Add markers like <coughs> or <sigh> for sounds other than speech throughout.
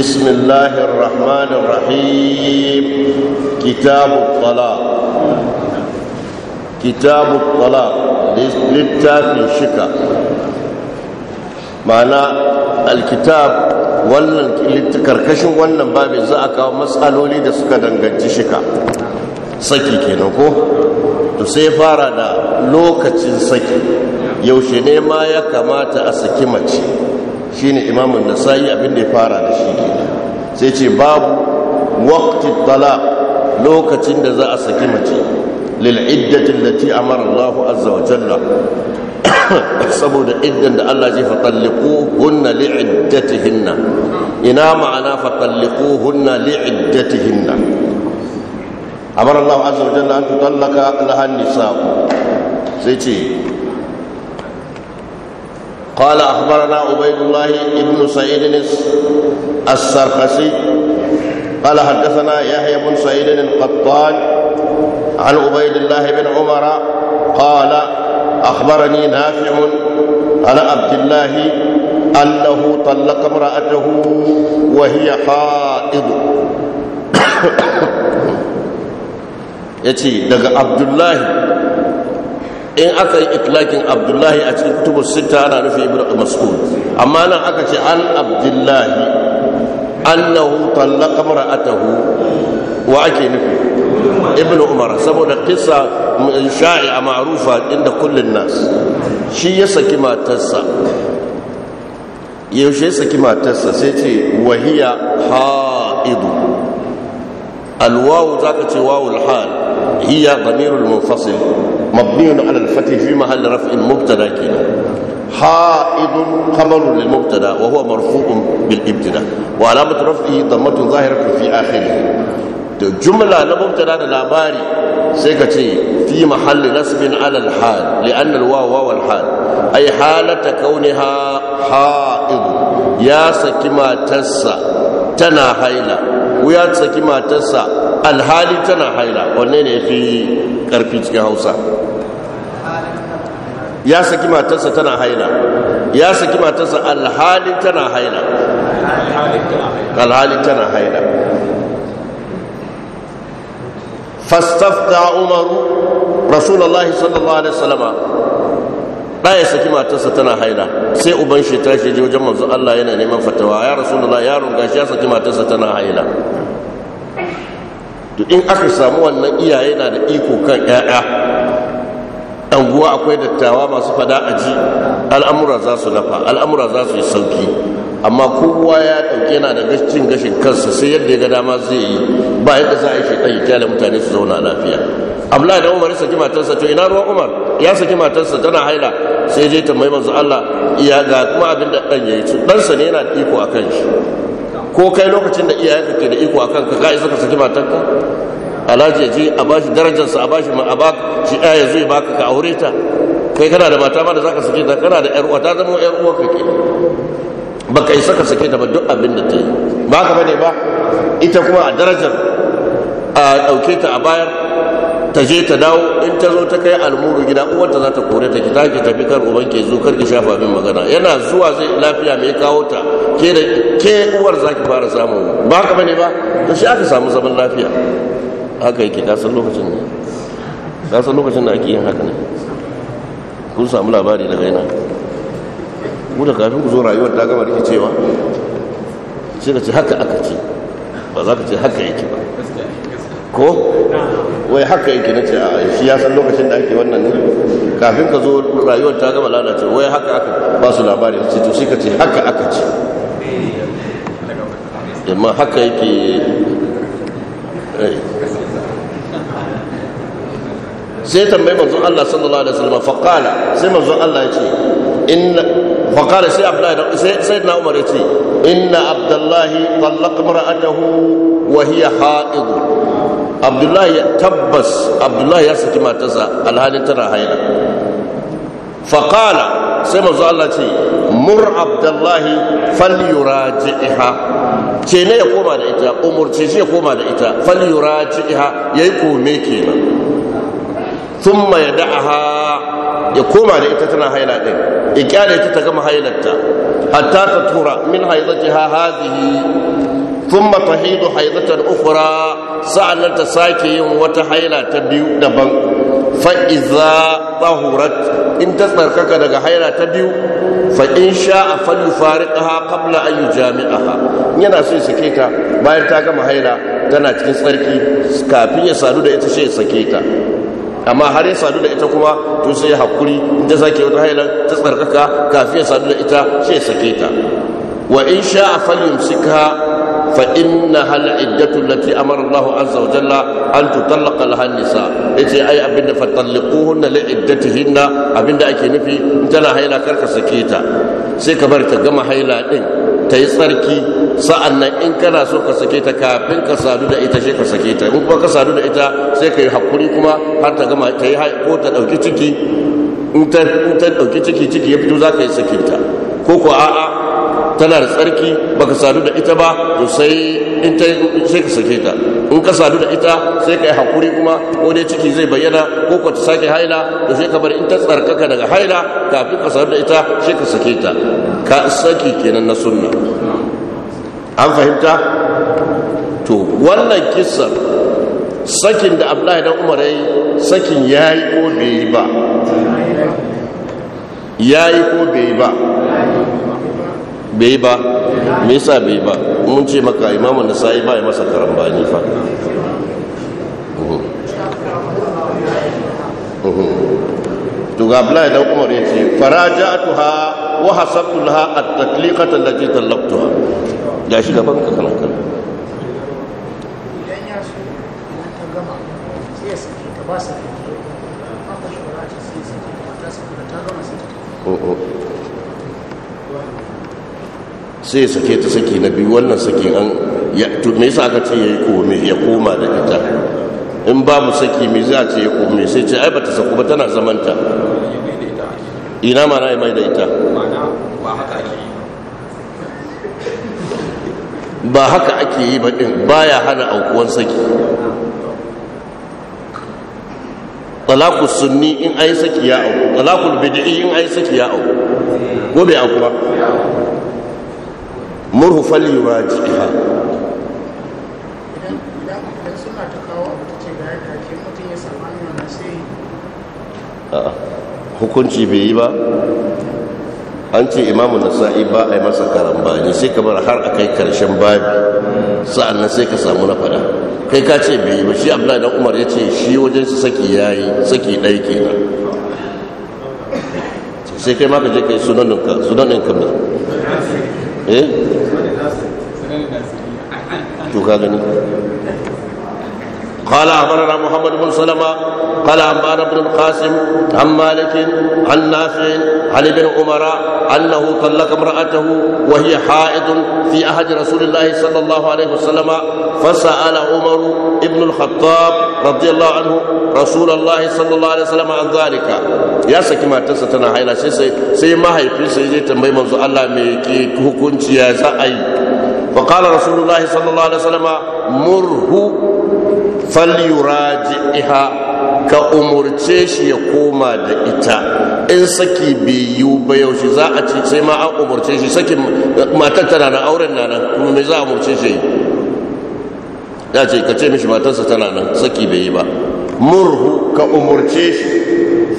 بسم الله الرحمن الرحيم كتاب الطلاق كتاب الطلاق للتافي wannan karkashin wannan babin za a kawo matsaloli da suka danganci shika saki kenan ko to sai fara da lokacin saki yaushe ne ma ya kamata a saki mace shine imamun nasa'i abin da ya fara da shi sai ce babu waqti talaq lokacin da za a saki mace lil iddati allati amara Allah azza wa jalla <coughs> saboda iddan da Allah zai fatalliqu hunna li iddatihinna ina ma'ana fatalliqu hunna li iddatihinna amara Allah azza wa jalla an tutallaka lahan nisa'u sai ce قال أخبرنا عبيد الله بن سعيد السرخسي قال حدثنا يحيى بن سعيد القطان عن عبيد الله بن عمر قال أخبرني نافع عن عبد الله أنه طلق امرأته وهي حائض يتي دق عبد الله in aka yi itlakin abdullahi a cikin kutubu sita ana nufi ibn mas'ud amma nan aka ce an abdullahi annahu tallaqa mar'atahu wa ake nufi ibn umar saboda kisa sha'i'a ma'rufa inda kullun nas shi ya saki matarsa yaushe ya saki matarsa sai ce wahiya ha'idu alwawu zaka ce wawul hal هي ضمير المنفصل مبني على الفتح في محل رفع مبتدا كده حائض خبر للمبتدا وهو مرفوع بالابتداء وعلامة رفعه ضمة ظاهرة في آخره جملة لمبتدا لاباري سيكتي في محل نصب على الحال لأن الواو واو الحال أي حالة كونها حائض يا سكما تسا تنا هيلا Wuya ya saki matarsa alhali tana haila wanne ne fi karfi cikin hausa ya saki matarsa tana haila ya saki matarsa alhali tana haila alhali tana haila fastafta umaru rasulullahi sallallahu alaihi wasallama ɗaya saki matarsa tana haila sai uban shi tashi je wajen manzo Allah yana neman fatawa ya Rasulallah yaron gashi ya saki matarsa tana haila Duk in aka samu wannan iyaye na da iko kan 'ya'ya anguwa akwai dattawa masu fada a ji al'amura za su nafa al'amura za su yi sauki amma kowa ya ɗauke na da cin gashin kansa sai yadda ya ga dama zai yi ba yadda za a yi shaidan ya kyale mutane su zauna lafiya abla da umar saki matarsa to ina ruwan umar ya saki matarsa tana haila sai je mai manzo Allah ya ga kuma abin da dan yayi ɗansa ne yana iko akan shi ko kai lokacin da ka ke da iko akan ka isa ka saki matarka alhaji ya je a bashi darajarsa a bashi ma a ba shi ɗaya ya zo ya baka ka aure ta kai kana da mata ma da zaka sake ta kana da ƴar uwa ta zama ƴar uwa ke ba isa ka sake ta ba duk abin da ta yi ba ka bane ba ita kuma a darajar a ɗauke ta a bayar ta je ta dawo in ta zo ta kai almuru gida uwarta za ta kore ta ki ta ki tafi kar uban ke zo kar ki shafa min magana yana zuwa zai lafiya mai kawo ta ke da ke uwar za ki fara samun ba haka bane ba to shi aka samu zaman lafiya haka yake ka san lokacin ne ka san lokacin da ake yin haka ne kun samu labari daga yana mu da kafin ku zo rayuwar ta gama rikicewa sai ka ce haka aka ce ba za ka ce haka yake ba ko wai haka yake nace a shi ya san lokacin da ake wannan kafin ka zo rayuwar ta gama lalace wai haka aka ba su labari ce to shi ka ce haka aka ce amma haka yake eh. sai tambayi manzon Allah sallallahu alaihi wasallam faqala sai manzon Allah ya ce inna faqala sai Abdullahi sai sayyidina Umar ya ce inna Abdullahi talaqa mar'atahu wa hiya haidun abdullahi tabbas abdullahi ya saki matarsa alhalin tana haila faƙala sai manzo Allah ce mur abdullahi falyuraji'iha ce ne ya koma da ita umurce shi ya koma da ita ya yi kome kenan thumma yada'aha ya koma da ita tana haila din ya kyale ta ta gama hailarta hatta ta tura min ha hadhihi thumma tahidu haidatan ukhra sa'annan ta sake yin wata haila ta biyu daban fa idza in ta daga haila ta biyu fa in sha'a falyufariqaha qabla an yujami'aha yana so ya sake ta bayan ta gama haila tana cikin tsarki kafin ya sadu da ita sai sake ta amma har ya sadu da ita kuma to sai ya hakuri in ta sake wata haila ta kafin ya sadu da ita sake ta wa in فإنها العدة التي أمر الله عز وجل أن تطلق لها النساء إتي أي أبن فطلقوهن لعدتهن أبن أكي نفي تنا هيلا كرك سكيتا سيكبر تقم هيلا إن تيسركي sa'an nan in kana so ka sake ta kafin ka sadu da ita shi ka sake ta in kuma ka sadu da ita sai ka yi hakuri kuma har ta gama ta yi ko ta ɗauki ciki in ɗauki ciki ciki ya fito za ka yi ko ko a'a tana da tsarki baka sadu da ita ba to sai in ta sai ka sake ta in ka sadu da ita sai ka yi hakuri kuma ko dai ciki zai bayyana ko ka sake haila to sai ka bar in ta tsarkaka daga haila kafin ka sadu da ita sai ka sake ta ka saki kenan na sunna an fahimta to wannan kissa sakin da abdullahi dan umar yayi sakin yayi ko bai yi ba yayi ko bai yi ba bai ba me yasa bai ba mun ce maka imamu sa'i ba ya masa karambani fa to ga dan umar ya ce faraja'atuha wa hasabtu laha at allati talabtuha ya shi gaban ka kana kana idan sai sake ta saki na biyu wannan sake an me yasa aka ce yayi kome ya koma da ita in babu saki me za a ce ya kome sai ce ai bata saku ba tana zamanta ina mana ya mai da ita ba haka ake yi ba din baya hana aukuwan saki talakul sunni in ai saki ya auku talakul bid'i in ai saki ya auku ko bai auku ba murhu falli ba jiha hukunci bai yi ba an ce imamu sa'i ba a yi masa karambani sai kamar har a kai karshen babi sa'annan sai ka samu na fada kai ka ce bai yi ba shi abdullahi dan umar ya ce shi wajen su saki yayi saki ɗaya kenan sai kai ma ka je kai sunanin ka sunanin ka eh to ka gani قال أخبرنا محمد بن سلمة قال عمار بن القاسم عن مالك عن نافع عن ابن عمر أنه طلق امرأته وهي حائض في أحد رسول الله صلى الله عليه وسلم فسأل عمر ابن الخطاب رضي الله عنه رسول الله صلى الله عليه وسلم عن ذلك يا سكي ما تستنا حيلا سي سي ما هي في سي تنبي منذ الله ميكي حكمتي يا زعي فقال رسول الله صلى الله عليه وسلم مره Falyuraji iha ka umurce shi ya koma da ita in saki bai yiwu ba yaushe za a ci sai ma an umurce shi sakin matar tana nan auren na nan kuma me za a umurce shi ya ce ka ce mishi matarsa tana nan saki bai yi ba murhu ka umurce shi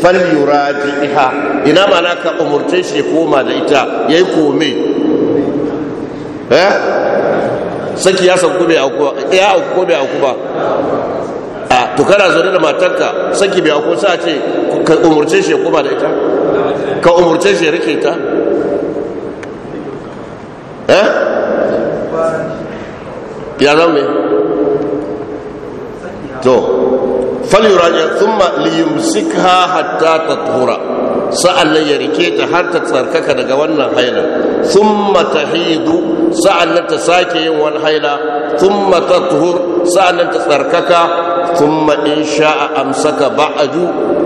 iha ina ma na ka umurce shi ya koma da ita yayi kome eh saki ya sauku bai auku ya auku ko bai ba a ah, to kana zaune da matanka saki bai aku sa ce ka umurce shi ya da ita ka umurce shi rike ta eh ya me to yuraja thumma liyumsikha hatta tathura nan ya rike ta har ta tsarkaka daga wannan haila hidu sa'an nan ta sake yin wani haila tuhur sa'an nan ta tsarkaka thumma in sha'a amsaka ba'du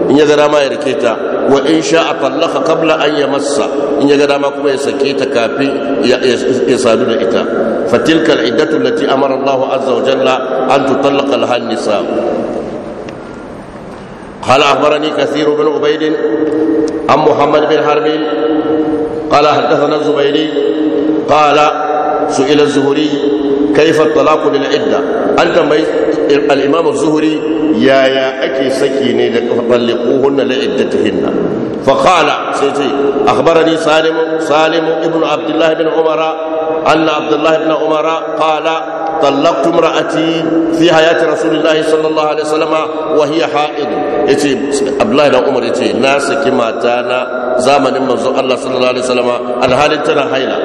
in ya ga dama ya rike ta wa in sha'a tallaka kabla an masa in ya ga dama kuma ya sake ta kafin ya sadu da ita fatilkar al-iddatu amara Allah azza wa jalla an tutallaqa laha قال أخبرني كثير بن عبيد عن محمد بن حرب قال حدثنا الزبيري قال سئل الزهري كيف الطلاق للعدة أنت الإمام الزهري يا يا أكي سكيني فطلقوهن لعدتهن فقال سيتي أخبرني سالم سالم ابن عبد الله بن عمر أن عبد الله بن عمر قال tallaktu امرأتي fi حياة رسول الله صلى الله عليه وسلم وهي حائض يتي عبد umar بن عمر يتي ناس كما تانا زمن من الله صلى الله عليه وسلم الحال تنا حيلا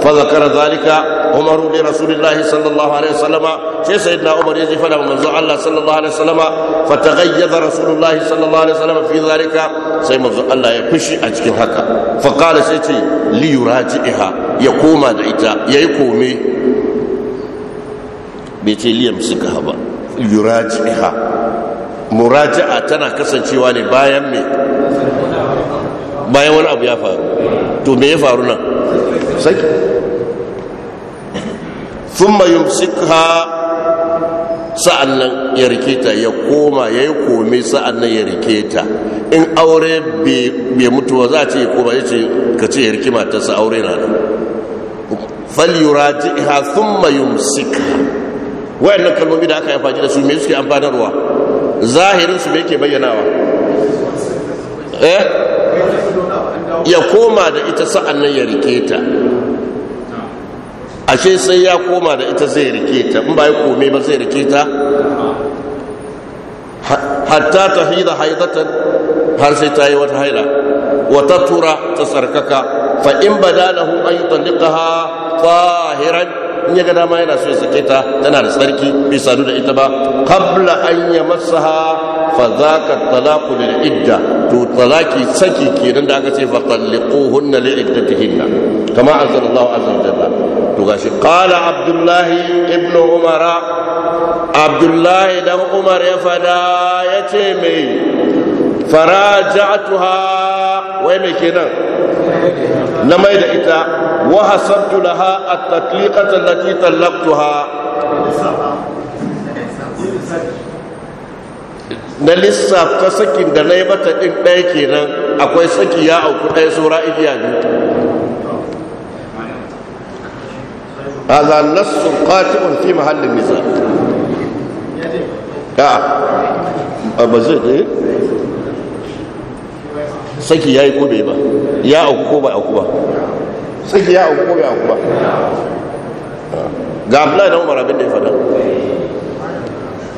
فذكر ذلك عمر لرسول الله صلى الله sai sai na umar yace fada manzo Allah sallallahu alaihi Fa fataghayyadha rasulullahi sallallahu alaihi wasallama fi zalika sai manzo Allah ya fushi a cikin haka fa qala sai li yuraji'iha ya koma da ita yayi kome bai ce liyam suka ba. yuraji'a muraja'a tana kasancewa ne bayan me bayan wani abu ya faru to me ya faru nan sun thumma yumsikha sa'an nan ya rike ta ya koma ya yi kome sa'an nan ya rike ta in aure bai mutuwa za a ce ya koma ya ce ka ce ya rike matarsa aure na nan falyura ha sun mayumsika wayannan kalmomi da aka yi amfani da su me suke amfanarwa zahirin su me yake bayyanawa eh ya koma da ita sa'an nan ya rike ta ashe sai ya koma da ita zai rike ta in ba ya kome ba zai rike ta hatta ta hida haidatan har sai ta yi wata haila wata tura ta sarkaka fa in bada lahu an yi ha tahiran in ya ga dama yana so ya sake ta tana da tsarki bai sadu da ita ba kabla an yamassaha fa talaku talaqu da idda to talaki saki kenan da aka ce fa talliquhunna li iddatihinna kama anzalallahu allahu wa jalla to gashi qala abdullahi ibnu umara abdullahi dan umar ya fada ya ce mai faraja'atuha wai mai kenan na mai da ita وحسبت لها التطليقة التي طلقتها na lissafta sakin da na yi mata ɗin ɗaya ke nan akwai saki ya auku ɗaya saura igiya biyu هذا نص قاطع في محل النزاع يا بزيد سكي يا يكون ba ya auku ko ba auku ba saki ya auku ya bai ba ga abu da umar abin da ya fada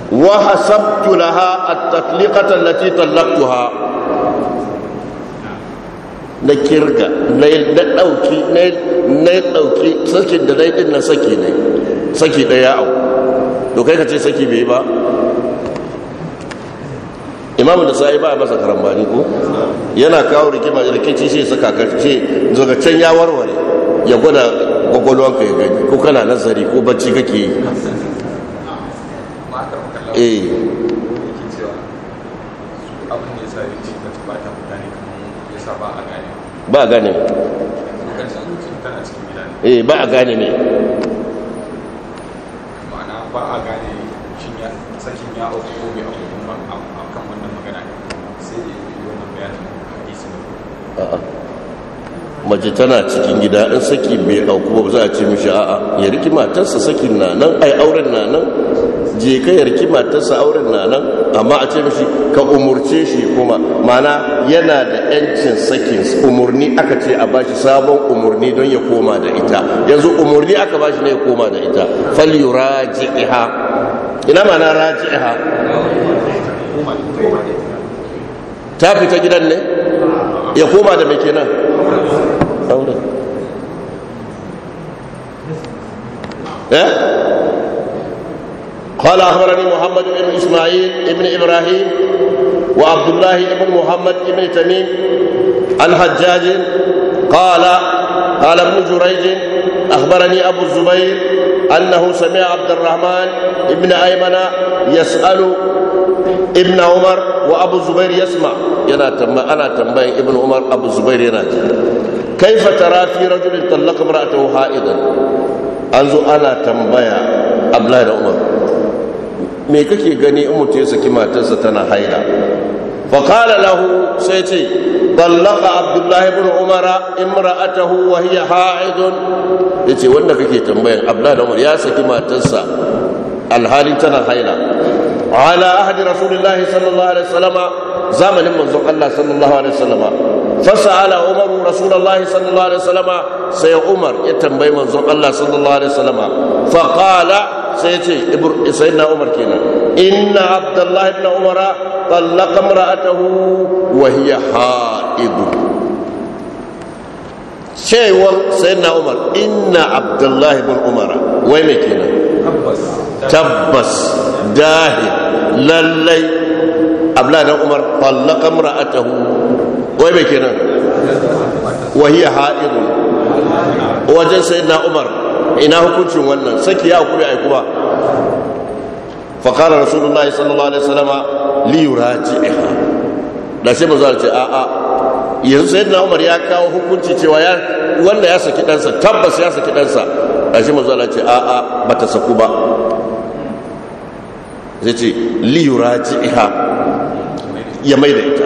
wa hasabtu laha at-tatliqata allati talaqtuha na kirga na ɗauki na ɗauki sakin da na yi ɗin na saki ne saki ɗaya au to kai ka ce saki bai ba imamu da sa'i ba masa karambani ko yana kawo rikima rikici shi saka karshe daga can ya warware ya gwada ka ya gani ko kana nazari ko bacci kake yi eh ba gane eh ba a gane ne ma'ana ba a gane shin ya sakin ya ko bai ba mace tana cikin gida in saki bai auku ba za a ce mishi a'a ya riki matarsa sakin na nan ai auren na nan je ka ya riki matarsa auren na nan amma a ce mishi ka umurce shi kuma mana yana da yancin sakin umurni aka ce a bashi sabon umurni don ya koma da ita yanzu umurni aka bashi ne ya koma da ita fal raji'iha ina mana raji'iha ta fita gidan ne ya koma da kenan auren eh kwallo ismail ibn ibrahim wa abdullahi ibn muhammad ibn tamim an hajjajin kwallo قال ابن جريج أخبرني أبو الزبير أنه سمع عبد الرحمن ابن أيمن wa abu Zubairu yasma yana tamba ana tambayan ibn umar abu Zubairu yana ji kaifa tara fi rajulin tallaqa imra'atahu ha'idan an zo ana tambaya abdullahi da umar me kake gani in mutum ya saki matarsa tana haila fa qala lahu sai ce tallaqa abdullahi ibn umar imra'atahu wa hiya ha'idun yace wanda kake tambayan abdullahi da umar ya saki matarsa alhali tana haila ala ahadi rasulillahi sallallahu alaihi wasallama zamanin manzon Allah sallallahu alaihi wasallama fasa'ala umaru rasulullahi sallallahu alaihi wasallama sai umar ya tambayi manzon Allah sallallahu alaihi wasallama fa qala sai ce sayyidina umar kenan inna abdullahi ibn umara tallaqa imra'atahu wa hiya haidu cewar sayyidina umar inna abdullahi ibn umara wai me kenan tabbas dahi lallai abla dan umar tallaka imra'atahu wai bai kenan wa hiya ha'id wajen sayyidina umar ina hukuncin wannan saki ya hukuri ai kuma fa qala rasulullahi sallallahu alaihi wasallam li yuraji'ha da sai bazar ce a a yanzu sayyidina umar ya kawo hukunci cewa wanda ya saki ɗansa tabbas ya saki ɗansa ƙarshe manzo ala ce a'a bata saku ba zai ce li iha ya mai da ita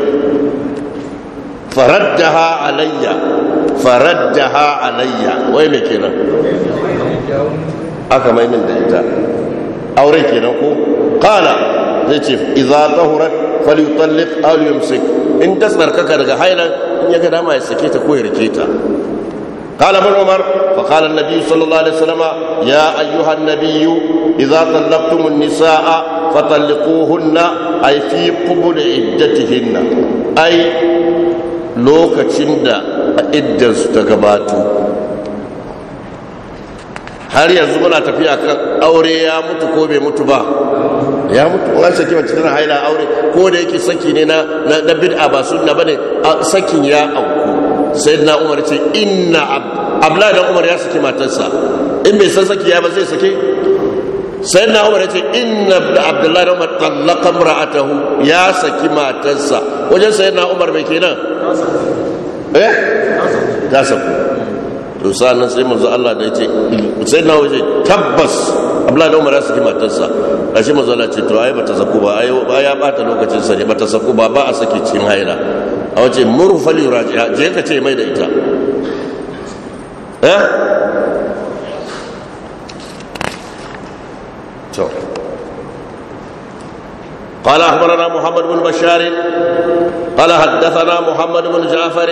ha alayya ha alayya wai mai kenan aka mai min da ita aure kenan ko kala zai ce idza tahurat falyutalliq aw yumsik in tsarkaka daga hailan in ya ga dama ya sake ta ko ya rike ta قال ابن عمر فقال النبي صلى الله عليه وسلم يا أيها النبي إذا طلقتم النساء فطلقوهن أي في قبل عدتهن أي lokacin da iddansu ta gabato har yanzu muna tafiya kan aure ya mutu ko bai mutu ba ya mutu ko saki mace tana haila aure ko da yake saki ne na ba sakin ya sayyidina umar ce inna abdullahi dan umar ya saki matarsa in bai san saki ya ba zai saki sayyidina umar ya ce inna abdullahi dan umar tallaqa imra'atahu ya saki matarsa wajen sayyidina umar mai kenan eh ta saku to sa'annan sai manzo Allah da yace sayyidina umar ya ce tabbas abdullahi dan umar ya saki matarsa ashe manzo Allah ce to ai bata saku ba ai ya bata lokacin sa ne bata saku ba ba a saki cin haila a wace murhu fali raji'a je ka ce mai da ita eh to قال أخبرنا محمد بن بشار قال حدثنا محمد بن جعفر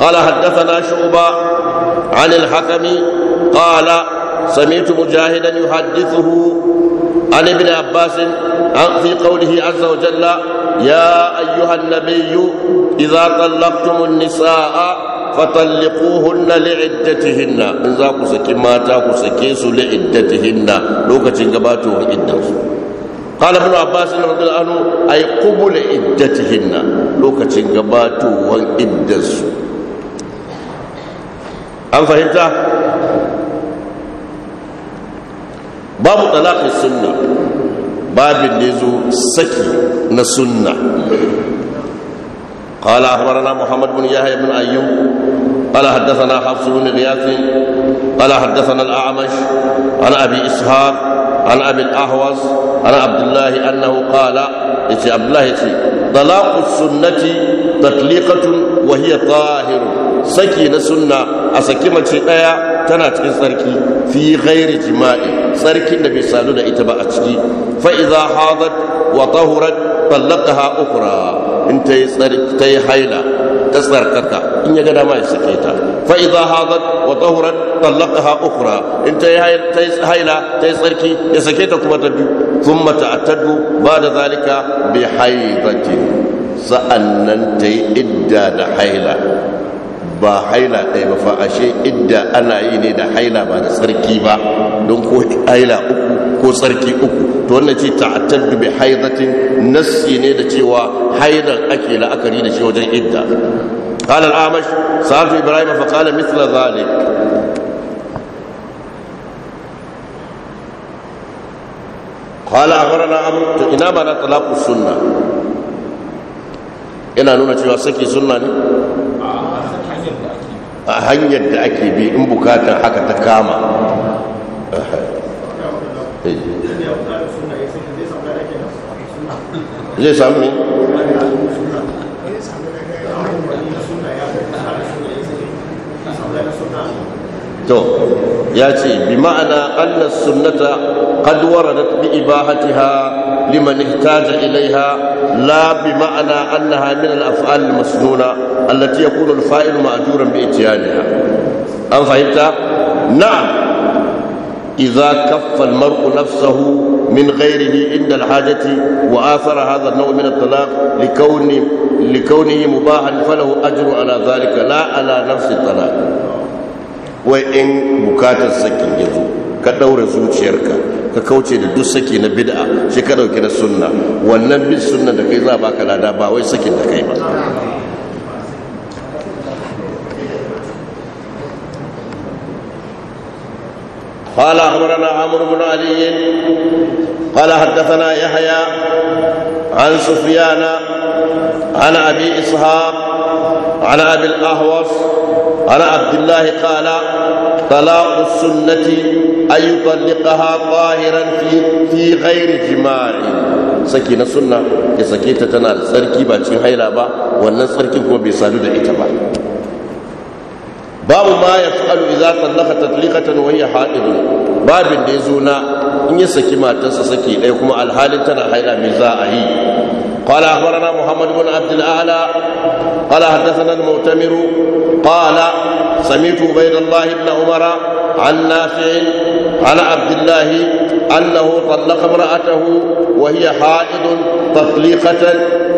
قال حدثنا شعبة عن الحكم قال سمعت مجاهدا يحدثه عن ابن عباس في قوله عز وجل يا أيها النبي إذا طلقتم النساء فطلقوهن لعدتهن إن ذاكو سكي ماتا سكيس لعدتهن لوكا تنقباتوا عدتهن قال ابن عباس رضي الله عنه أي قبل عدتهن لوكا تنقباتو وعدة أم فهمت؟ باب طلاق السنه babin da ya zo saki na sunna ƙala muhammad bin yahya bin ayyub ala haddathana hafsu bin sunnati tatliqatun wa hiya tahirun saki na sunna a saki mace daya tana cikin tsarki fi ghairi jima'i tsarkin da bai sadu da ita ba a ciki fa idza hadat wa tahurat talaqaha ukra in tayi tsarki tayi haila ta tsarkaka in ya ga dama ya sake ta fa idza hadat wa tahurat talaqaha ukra in tayi haila tayi tsarki ya sake ta kuma ta biyu thumma ta'attadu ba da zalika bi haidatin sa'annan ta yi idda da haila ba haila ɗaya ba fa ashe idda ana yi ne da haila ba da sarki ba don ko haila uku ko sarki uku to wannan ce ta'attadu bi haidatin nassi ne da cewa hailar ake la'akari da shi wajen idda قال الأعمش سألت إبراهيم فقال مثل ذلك قال أخبرنا ina إنا ما طلاق السنة ina nuna cewa saki sunna ne a hanyar da ake bi in bukatar haka ta kama eh. zai sami to ya ce bi ma'ana annas sunnata qad waradat bi ibahatiha لمن احتاج إليها ma'ana بمعنى أنها من الأفعال masnuna التي يكون الفاعل مأجورا بإتيانها أم فهمت؟ نعم إذا كف المرء نفسه من غيره عند الحاجة وآثر هذا النوع من الطلاق لكون لكونه مباحا فله أجر على ذلك لا على نفس الطلاق وإن بكاتا سكن يزو كدور زوجيرك ka kauce da duk saki na bid'a shi ka dauki na sunna wannan bin sunna da kai za baka lada ba wai sakin da kai ba قال أخبرنا عمرو بن علي قال حدثنا يحيى عن سفيان عن أبي إسحاق عن أبي الأهوص عن عبد الله قال طلاق السنة أن يطلقها طاهرا في, في غير جماع saki na sunna ya sake ta tana da tsarki ba cikin haila ba wannan tsarkin kuma bai sadu da ita ba babu ma ya fa'alu idza tallaka tatliqatan wa hiya ne. babin da zo na in ya saki matarsa saki ɗaya kuma alhalin tana haila me za a yi قال أخبرنا محمد بن عبد الأعلى قال حدثنا المؤتمر قال سمعت عبيد الله بن عمر عن نافع عن عبد الله أنه طلق امرأته وهي حائض تطليقة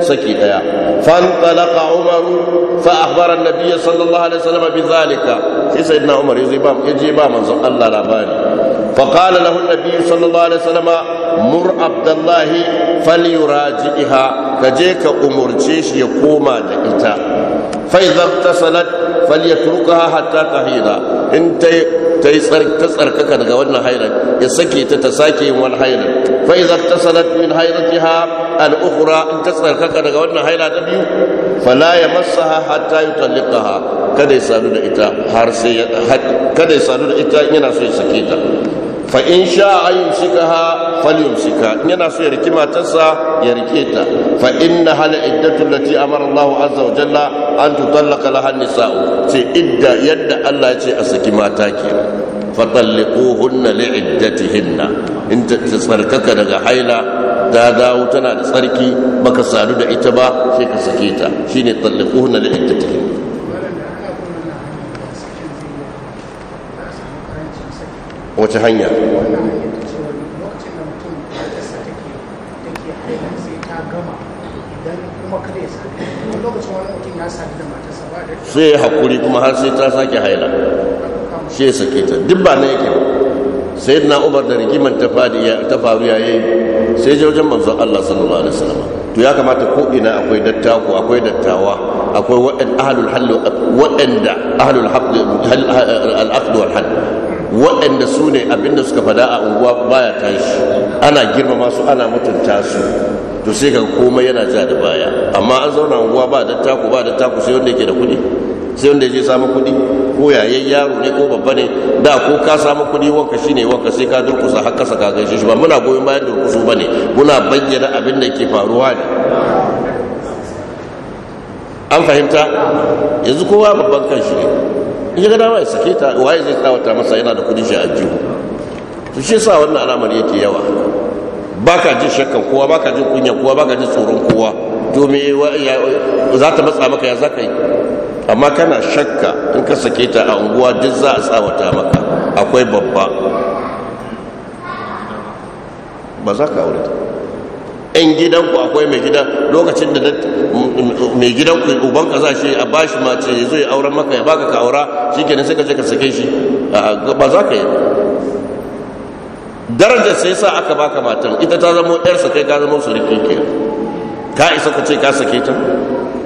سكيدة فانطلق عمر فأخبر النبي صلى الله عليه وسلم بذلك في سيدنا عمر يجي إمام الله لا بالي فقال له النبي صلى الله عليه وسلم مر عبد الله فليراجئها كجيك جيش يقوم فإذا اغتسلت فليتركها حتى تحيض انت ta yi tsarkaka daga wannan hairar ya sake ta ta sake yin wani hairar fa idza tasalat min hairatiha al ukhra in ta tsarkaka daga wannan haira ta biyu fala yamassaha hatta yutalliqaha kada ya sadu da ita har sai kada ya sadu da ita yana so ya sake ta fa in sha'a yumsikaha falyumsika in yana so ya riki matarsa ya rike ta fa inna hal iddatu allati amara Allah azza wa jalla an tutallaqa laha nisa'u Sai idda yadda Allah ya ce a saki mata ke fa talliquhunna li iddatihinna in ta tsarkaka daga haila da dawo tana da tsarki baka sadu da ita ba sai ka sake ta shine talliquhunna li iddatihinna wace hanya sai ya hakuri kuma har sai ta sake haila shi ya sake ta duk ba na yake sai na umar da rigimar ta faru ya sai je manzon Allah sallallahu alaihi wasallam to ya kamata ko ina akwai dattako akwai dattawa akwai waɗanda ahlul hal waɗanda ahlul al-aqd wal hal waɗanda sune ne abinda suka fada a unguwa baya tashi ana girmama su ana mutunta su to sai ka komai yana ja da baya amma an zauna unguwa ba da taku ba da taku sai wanda yake da kuɗi sai wanda ya je samu kuɗi ko yayin yaro ne ko babba ne da ko ka samu kuɗi wanka shine wanka sai ka durkusa har kasa ka gaishe shi ba muna goyon bayan durkusu bane muna bayyana abin da ke faruwa ne an fahimta yanzu kowa babban kanshi ne in ya ga dama ya sake ta waye zai tsawata masa yana da kuɗin shi a jihu to shi sa wannan al'amari yake yawa baka jin shakkan kowa baka jin kunya kowa baka jin tsoron kowa to me za ta matsa maka ya zaka yi amma kana shakka in ka sake ta a unguwa duk za a tsawata maka akwai babba ba za ka aure in gidanku akwai mai gida lokacin da mai gidanku uban ka za shi a bashi mace ya zo ya auren maka ya baka ka aura shi kenan sai ka je ka sake shi ba za ka yi darajar sai sa aka baka matan ita ta zama yarsa kai ka zama surukin ke ka isa ka ce ka sake ta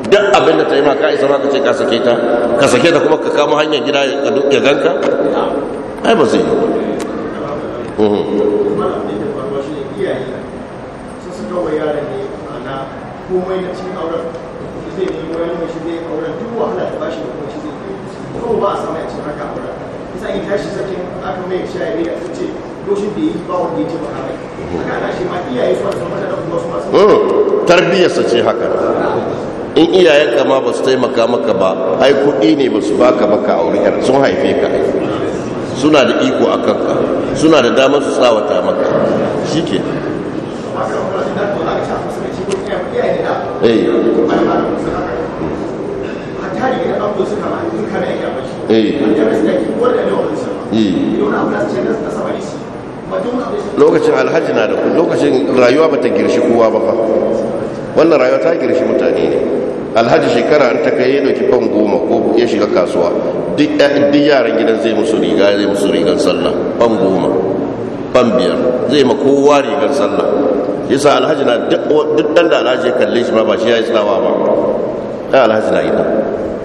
duk abin da ta yi ma ka isa ma ka ce ka sake ta ka sake ta kuma ka kama hanyar gida ya ganka ai ba zai yi ba mhm. a samu ya ce isa in tashi sakin aka mai shayari a ce haka da oh, tarbiyyarsa ce haka in iyayen kama ba su taimaka maka ba ai kuɗi ne ba su baka maka a wurin sun haife ka suna da iko a kanka suna da damar su tsawata maka shi ke eh, eh. eh. lokacin alhaji na da lokacin rayuwa ba ta girshi kowa ba fa wannan rayuwa ta girshi mutane ne alhaji shekara an ta kai ya dauki fan goma ko ya shiga kasuwa duk yaran gidan zai musu riga zai musu rigar sallah fan goma fan biyar zai ma kowa rigar sallah sa alhaji na duk dan da alhaji ya kalle shi ma ba shi ya yi tsawa ba Ya alhaji na gida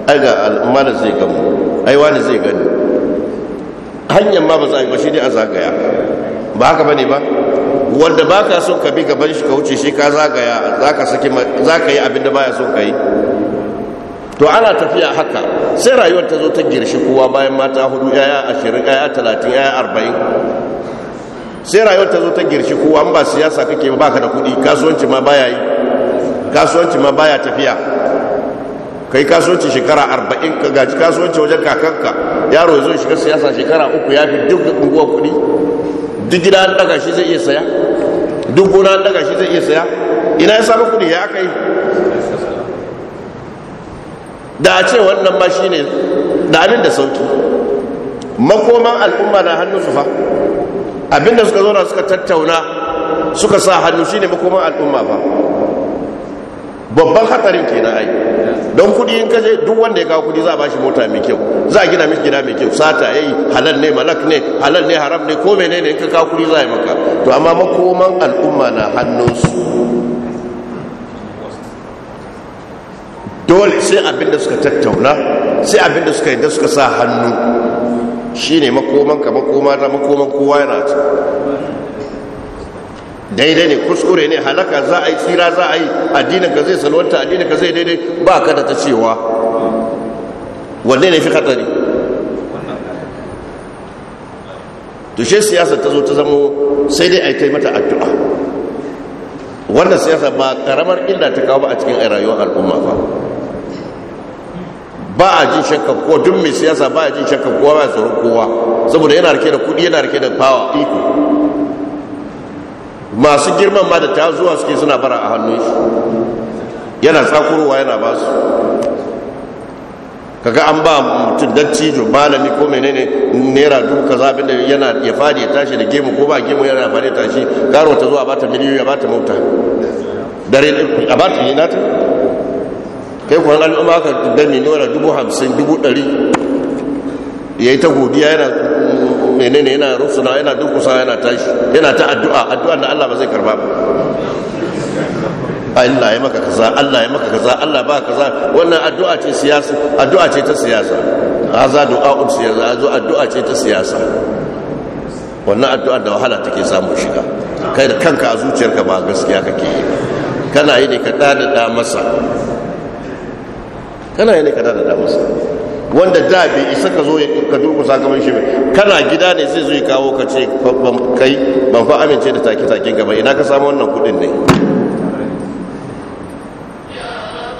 ai ga almanar zai gamu ai wani zai gani hanyar ma ba za a yi ba shi ne a zagaya ba haka bane ba wanda baka so ka bi gaban shi ka wuce shi ka zagaya zaka saki zaka yi abin da baya so ka yi to ana tafiya haka sai rayuwar ta zo ta girshi kowa bayan mata hudu yaya ashirin yaya talatin yaya arba'in sai rayuwar ta zo ta girshi kowa ba siyasa kake ba ka da kudi kasuwanci ma baya yi kasuwanci ma baya tafiya kai kasuwanci shekara arba'in ka gaji kasuwanci wajen kakanka yaro ya zo shiga siyasa shekara uku ya fi duk da kudi duk gida an daga shi zai iya saya duk gona an daga shi zai iya saya ina ya samu kudi ya aka da a ce wannan ma shi ne da abin da sauki makoman al'umma na hannun su fa abin da suka zauna suka tattauna suka sa hannu shi ne makoman al'umma ba babban hatsarin kenan ai don kudi in kaje duk wanda ya kawo kudi za a bashi mota mai kyau za a gina mishi gida mai kyau sata ya yi, halal ne malak ne halal ne haram ne ko ne in ka kawo kudi za a yi maka to amma makoman al'umma na hannunsu dole sai abinda suka tattauna sai abinda suka yadda suka sa hannu shine makoman ka makoma ta makoman kowa yana ta. daidai ne kuskure ne halaka za a yi tsira za a yi addinin ka zai salwanta addinin ka zai daidai ba ka da ta cewa wanne ne fi hatari tushe siyasa ta zo ta zamo sai dai a yi ta mata addu'a wannan siyasa ba karamar illa ta kawo ba a cikin rayuwar al'umma ba ba a jin shakka ko duk mai siyasa ba a jin shakka kowa ba a tsoron kowa saboda yana rike da kudi yana rike da power iko masu girman ma da ta zuwa suke suna bara a hannun shi yana tsakurwa yana ba su kaga an ba mutum dattijo malami ko menene naira dubu zaɓi da yana ya fadi ya tashi da gemu ko ba gemu yana fadi ya tashi garo ta zuwa bata miliyoyi ya bata mota dare a bata yi nata kai kuwa al'umma ka dami naira dubu hamsin dubu ɗari ya yi ta godiya yana menene yana rusuna yana dukusa yana tashi yana ta addu'a addu'a da Allah ba zai karba ba Allah ya maka kaza Allah ya maka kaza Allah ba kaza wannan addu'a ce siyasa addu'a ce ta siyasa haza du'a siyasa hazo addu'a ce ta siyasa wannan addu'a da wahala take samu shiga kai da kanka a zuciyarka ba gaskiya kake kana yi ne ka dada masa kana yi ne ka dada masa wanda da bai isa ka zo ka durkusa gaban shi kana gida ne sai zai kawo ka ce kai ban fa amince da take-taken gaba ina ka samu wannan kudin ne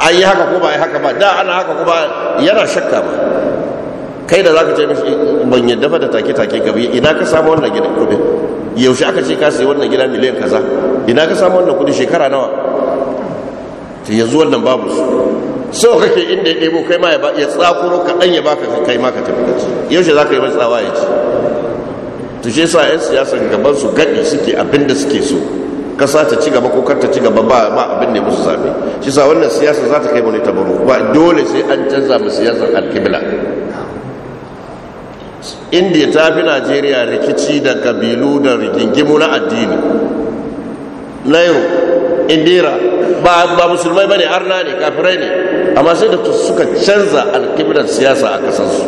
an yi haka ko ba yi haka ba da ana haka kuma yana shakka ba kai da zaka ce mishi ban yadda fa da take-take gaba ina ka samu wannan gidan kudin yaushe aka ce ka sayi wannan gida miliyan kaza ina ka samu wannan kudin shekara nawa yanzu wannan babu su so kake inda ya ɗebo kai ma ya tsakuro kaɗan ya baka kai ma ka tafi kaci yaushe za ka yi mai tsawa ya ci to shi sa 'yan siyasar gaban su gaɗi suke abin da suke so kasa ta ci gaba ko kar ta ci gaba ba ma abin da musu zabe shi sa wannan siyasa za ta kai wani ne tabaru ba dole sai an canza mu siyasar alkibla indiya ta fi najeriya rikici da kabilu da rigingimu na addini na yau indira ba ba musulmai bane arna ne kafirai ne amma sai da suka canza alkiblar siyasa a kasansu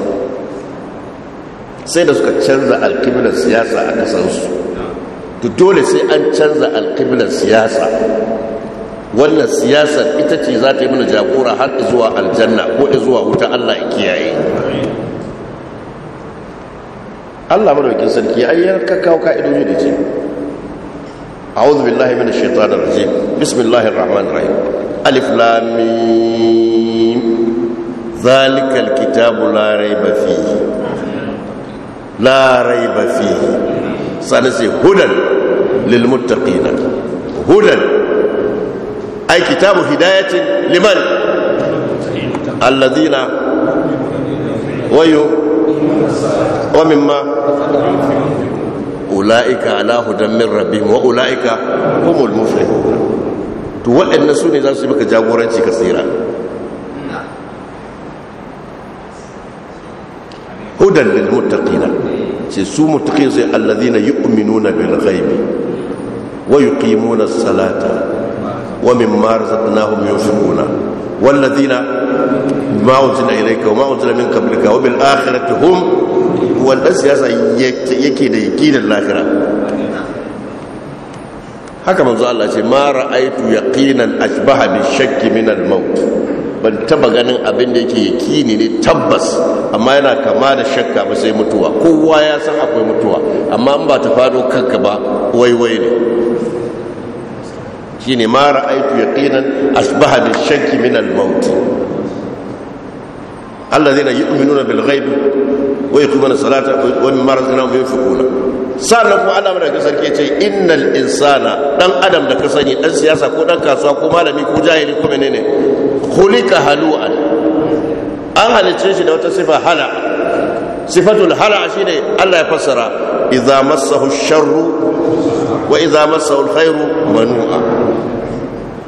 sai da suka canza alkiblar siyasa a kasansu to dole sai an canza alkiblar siyasa wannan siyasar ita ce za ta yi mana jagora har zuwa aljanna ko zuwa wuta Allah ya kiyaye Allah madaukin sarki ai ka kawo ka'idoji da ce أعوذ بالله من الشيطان الرجيم بسم الله الرحمن الرحيم ألف لام ذلك الكتاب لا ريب فيه لا ريب فيه سنسي هدى للمتقين هدى أي كتاب هداية لمن الذين ويو ومما ula'ika ala hudan min rabbihim wa ula'ika humul muflihun to waɗannan su ne za su yi maka jagoranci ka tsira hudan lil muttaqina ce su muttaqin sai allazina yu'minuna bil ghaibi wa yuqimuna as-salata wa mimma razaqnahum yunfiquna wallazina ma unzila ilayka wa ma min qablika wa bil akhirati hum wannan siyasa yake da yakinin lafiya. haka manzo Allah ce ma ra'aitu yaqinan ashbaha bi shakki min al-maut ban taba ganin abin da yake yakini ne tabbas amma yana kama da shakka ba sai mutuwa kowa ya san akwai mutuwa amma in ba ta fado kanka ba waiwai ne shine ma ra'aitu yaqinan ashbaha bi shakki min al-maut alladhina yu'minuna bil ghaib wai kuma na salata wani mara zina wani fukuna sannan kuma allah mana kasar ke ce innal insana dan adam da ka sani dan siyasa ko dan kasuwa ko malami ko jahili ko menene hulika halu'an an halicce shi da wata sifa hala sifatul hala shine allah ya fassara idza massahu sharru wa idza massahu alkhairu manu'a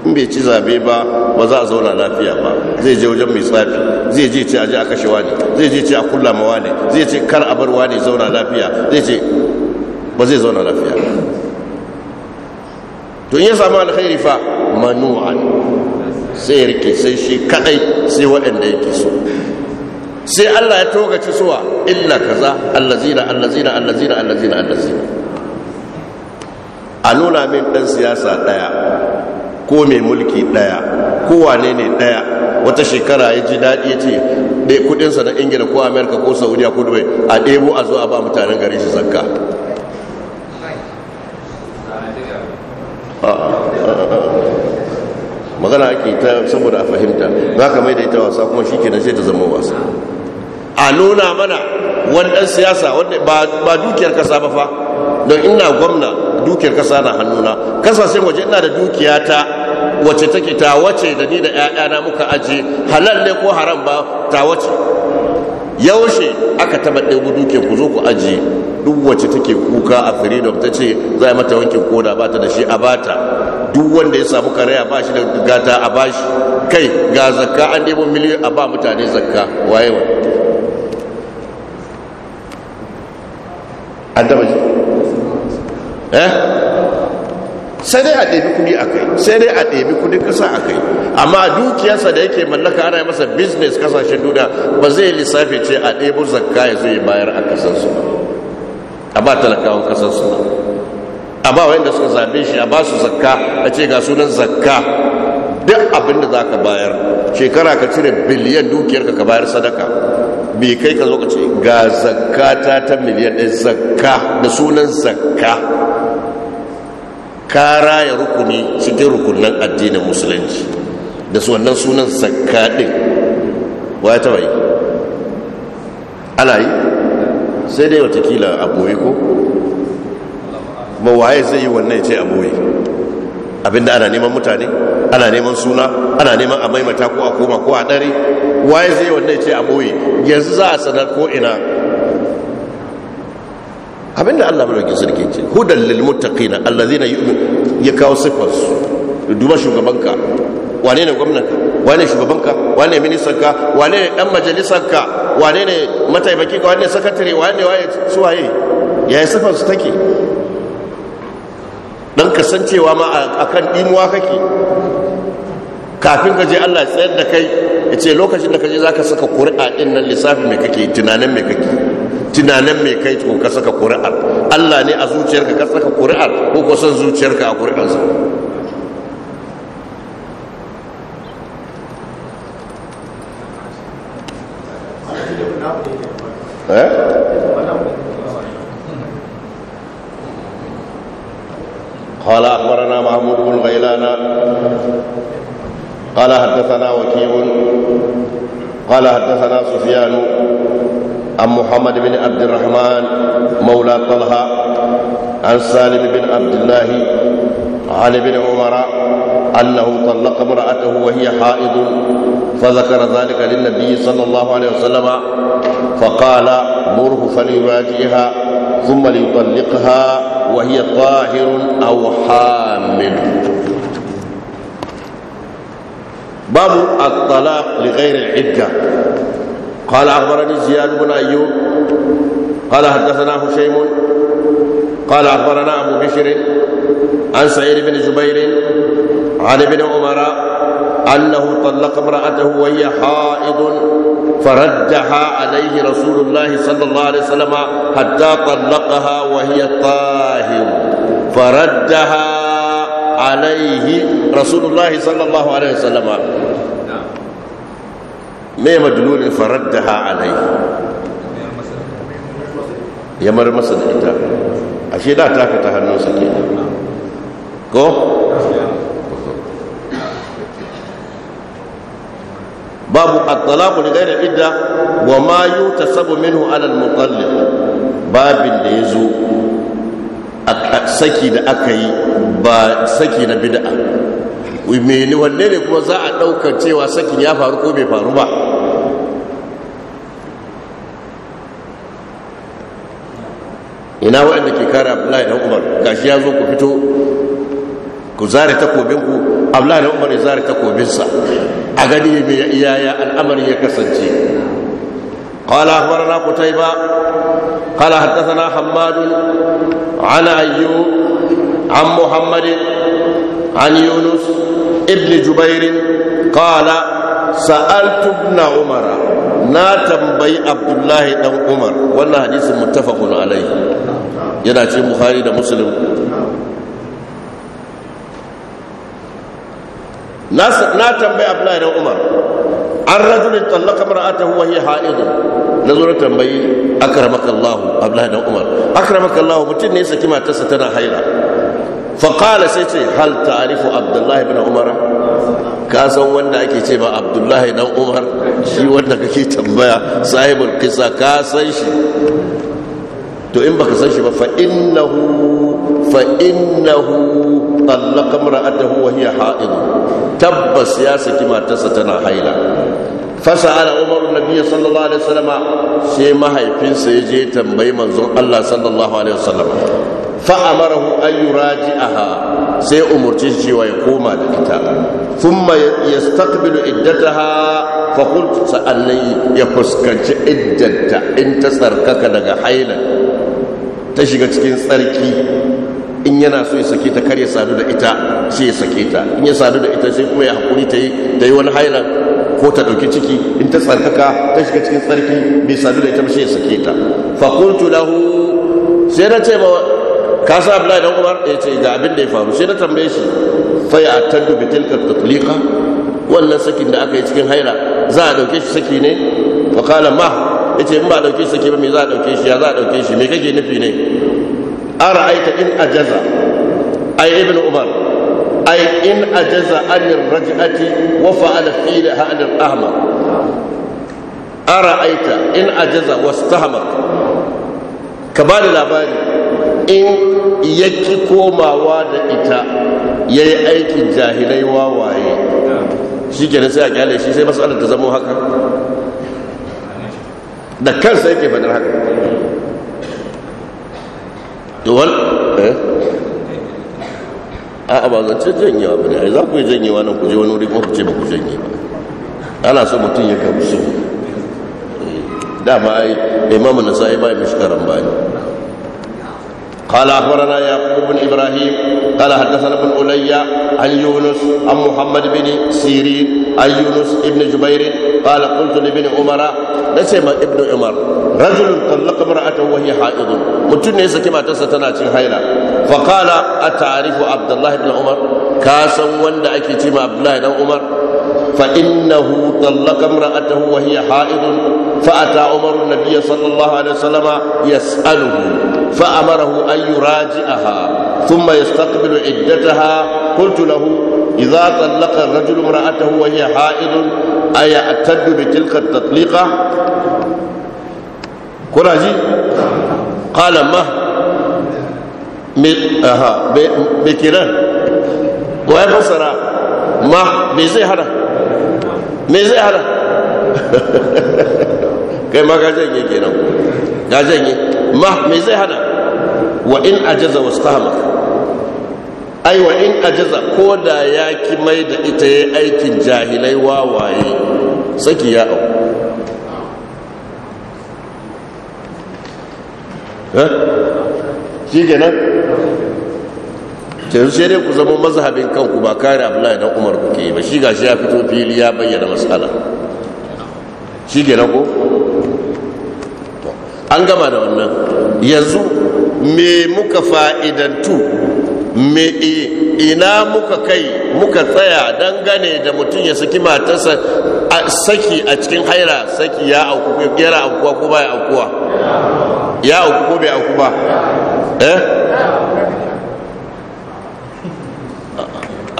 in bai ci zabe ba ba za a zauna lafiya ba zai je wajen mai tsafi zai je ce a je a kashe wani zai je ce a kulla ma wani zai ce kar a bar wani zauna lafiya zai ce ba zai zauna lafiya to in ya samu alkhairi fa manu'an sai ya rike sai shi kadai sai waɗanda yake so sai Allah ya togaci suwa illa kaza allazina allazina allazina allazina allazina a nuna min ɗan siyasa ɗaya ko mai mulki daya wane ne daya wata shekara ya ji daɗi ya ce ɗaya kudinsa na ingila ko amerika ko saudiya ko dubai a ɗebo a zo a ba mutanen gari shi zakka magana ake ta saboda a fahimta za ka mai da ita wasa kuma shi na sai ta zama wasa a nuna mana wannan siyasa wanda ba dukiyar kasa ba fa don ina gwamna dukiyar kasa na hannuna kasashen waje ina da dukiya ta. wace take ta wace da ni da ƴaƴana muka aje halal ne ko haram ba ta wace yaushe aka taba ɗebo duke ku zo ku aje duk wace take kuka a freedom ta ce za a mata wankin koda ba ta da shi a bata duk wanda ya samu kare a bashi da gata a bashi kai ga zakka an nemo miliyan a ba mutane zakka waye wa an taba shi eh sai dai a ɗabi kuɗi a kai sai dai a ɗebi kuɗin kasa a kai amma dukiyarsa da yake mallaka ana yi masa business kasashen duniya ba zai lissafi ce a ɗabi zakka ya zai ya bayar a ba a ba talakawan ba a ba wa'inda suka zaɓe shi a ba su zakka a ce ga sunan zakka duk abin da za ka bayar shekara ka cire biliyan dukiyarka ka bayar sadaka bai kai ka zo ka ce ga zakka ta ta miliyan ɗaya zakka da sunan zakka ka ya rukuni cikin rukunan addinin musulunci da su wannan sunan zakka waya ta bai ana yi sai dai watakila a boye ko ba waye zai yi wannan ce a boye abinda ana neman mutane ana neman suna ana neman a maimata ko a koma ko a ɗari, waye zai yi wannan ce a boye yanzu za a sanar ko ina abinda Allah madaukakin sarki ce hudan na muttaqina na ya kawo sifarsu duba shugabanka wane ne gwamnanka wane shugabanka wane ministanka wane ne dan majalisanka wane ne mataimaki ka wane sakatare wane waye suwaye ya yi sifar su take dan kasancewa ma a kan dimuwa kake kafin ka je Allah tsayar da kai ya ce lokacin da ka je za ka saka kuri'a din nan lissafi mai kake tunanin mai kake tunanin mai kai tukun ka saka ƙuri'ar allah ne a zuciyarka ka saka ƙuri'ar ko kusan zuciyarka a ƙuri'arsa eh? قال أخبرنا محمود بن غيلان قال حدثنا وكيع قال حدثنا سفيان عن محمد بن عبد الرحمن مولى طلحة عن سالم بن عبد الله علي بن عمر أنه طلق امرأته وهي حائض فذكر ذلك للنبي صلى الله عليه وسلم فقال مره فليراجعها ثم ليطلقها وهي طاهر أو حامل باب الطلاق لغير العدة قال أخبرني زياد بن أيوب قال حدثنا هشيم قال أخبرنا أبو بشر عن سعيد بن جبير عن ابن عمر أنه طلق امرأته وهي حائض فردها عليه رسول الله صلى الله عليه وسلم حتى طلقها وهي طاهر فردها عليه رسول الله صلى الله عليه وسلم mai madululin farar da ha alai ya mara masa da ita ashe da taka ta hannunsa ke ko? babu at-talaqu li ghayri idda wa ma yi yutasabu minhu ala al-mutallaq babin da ya zo a saki da aka yi ba saki na bid'a mene wanne ne kuma za a daukar cewa sakin ya faru ko bai faru ba ina waɗanda ke kare abdullahi da umar gashi ya zo ku fito ku zare takobinku abdullahi da umar ya zare takobinsa a gani mai iyaya al'amari ya kasance kutai ba قتيبة Haddasa na hamadu ana yiwu An-Muhammadin, An-Yunus. ابن جبير قال سألت ابن عمر نا تنبي عبد الله بن عمر والله حديث متفق عليه yana ce bukhari da muslim na tambayi abdullahi dan umar an rajulin tallaka mar'ata huwa hiya ha'idun na zo na tambayi akramaka allah abdullahi dan umar akramaka allah mutum ne ya saki matarsa tana haila faƙala sai ce hal ta'arifu abdullahi bin umar ka san wanda ake ce ba abdullahi dan umar shi wanda kake tambaya sahibul kisa ka san shi to in baka san shi ba fa innahu fa innahu tallaqa imra'atahu wa hiya ha'id tabbas ya saki matarsa tana haila فسأل عمر النبي صلى الله عليه وسلم سي ما هيفين سيجي تنبي منظور الله صلى الله عليه وسلم fa'amarahu an aha, sai umarci shi cewa ya koma da ita ya yastaqbilu iddata ha qult sa’annan ya fuskanci iddata in ta tsarkaka daga hailan ta shiga cikin tsarki in yana so ya sake ta kar ya sadu da ita sai ya sake ta in ya sadu da ita sai kuma ya hakuri ta yi da yi wani hailan ko ta dauki ciki in ta tsarkaka ta shiga cikin tsarki bai sadu da ita ba sai ya sake ta fa lahu sai na ce ma ka sa abdullahi dan umar ya ce ga abin da ya faru sai na tambaye shi fai a taddu bi tilka tatliqa wannan sakin da aka yi cikin haila za a dauke shi saki ne fa qala ma ce in ba dauke shi saki ba me za a dauke shi ya za a dauke shi me kake nufi ne A ra'aita in a jaza. ai ibnu umar ai in a ajaza an raj'ati wa fa'ala fi'laha an al-ahmar ra'aita in ajaza wastahmak ka ba da labari in ki komawa da ita ya yi aikin jahilai wawaye shi ke sai a kyale shi sai matsalar ta zama haka da kansa yake fadar haka duwal eh? a ba zance janyewa ba ne za ku yi wa nan ku je wani kuma ku ce ba ku janye ba ana so mutum ya kamsu eh, dama imamu nasa ya bayan mishi karan bani قال أخبرنا يعقوب بن إبراهيم قال حدثنا ابن ألي عن يونس عن محمد بن سيرين عن يونس بن جبير قال قلت لابن عمر نسمع ابن عمر رجل طلق امرأته وهي حائض متن يسا كما تستنى هيلا فقال أتعرف عبد الله بن عمر كاسا وند أكيتما عبد الله بن عمر فإنه طلق امرأته وهي حائض فأتى عمر النبي صلى الله عليه وسلم يسأله فأمره أن يراجعها ثم يستقبل عدتها قلت له إذا طلق الرجل امرأته وهي حائض أيعتد بتلك التطليقة كراجي قال ما بكرا ويبصر ما بزهره me zai hana kai ma gajen yi nan gajen yi ma me zai hana wa in ajaza wastahmak ai wa in ajaza ko da ya ki mai da ita ya aikin jahilai wawaye saki ya au eh? shi nan yanzu sai dai ku zama mazhabin kanku ba kare abdullahi dan umar ku ke ba shi shi ya fito fili ya bayyana matsala shi na ko an gama da wannan yanzu me muka fa'idantu me ina muka kai muka tsaya dangane da mutum ya saki matarsa saki a cikin haira saki ya auku yana aukuwa ko ba ya aukuwa ya auku ko bai auku ba eh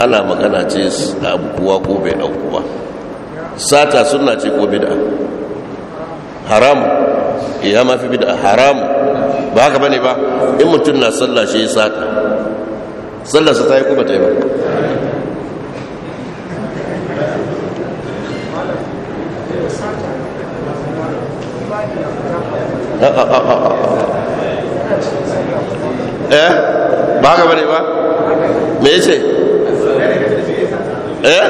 ana magana ce da abubuwa ko bai dauku ba sata sunna ce ko bid'a haram ya mafi bid'a haram ba haka bane ba in mutum na sallah shi sata sallar sa ta yi kuma ta yi ba eh ba haka bane ba me yace eh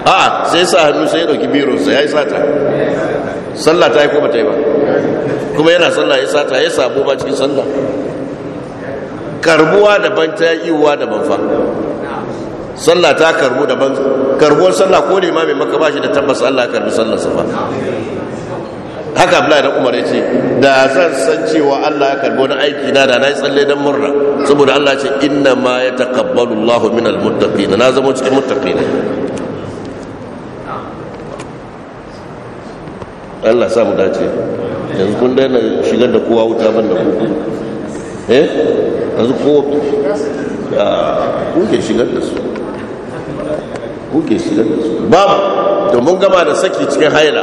a <laughs> ah, sai sa hannu sai ya dauki sai ya yi sata sallah ta yi kuma ta yi ba kuma yana sallah ya sata ya sabo ba cikin sallah karbuwa daban ta yiwuwa daban fa sallah ta karbu daban karbuwar sallah ko ne ma mai maka ba shi da tabbas allah karbi sallah sa fa haka abdullahi dan umar ya ce da zan san cewa allah ya karbo wani aiki na da na yi tsalle dan murna saboda allah ce inna ma ya taqabbalu allahu min almuttaqin na zama cikin muttaqin allah sa mu dace yanzu kun daina shigar da kowa wuta ban da ku eh yanzu kowa kuke shigar da su kuke shigar da su babu domin gama da saki cikin haila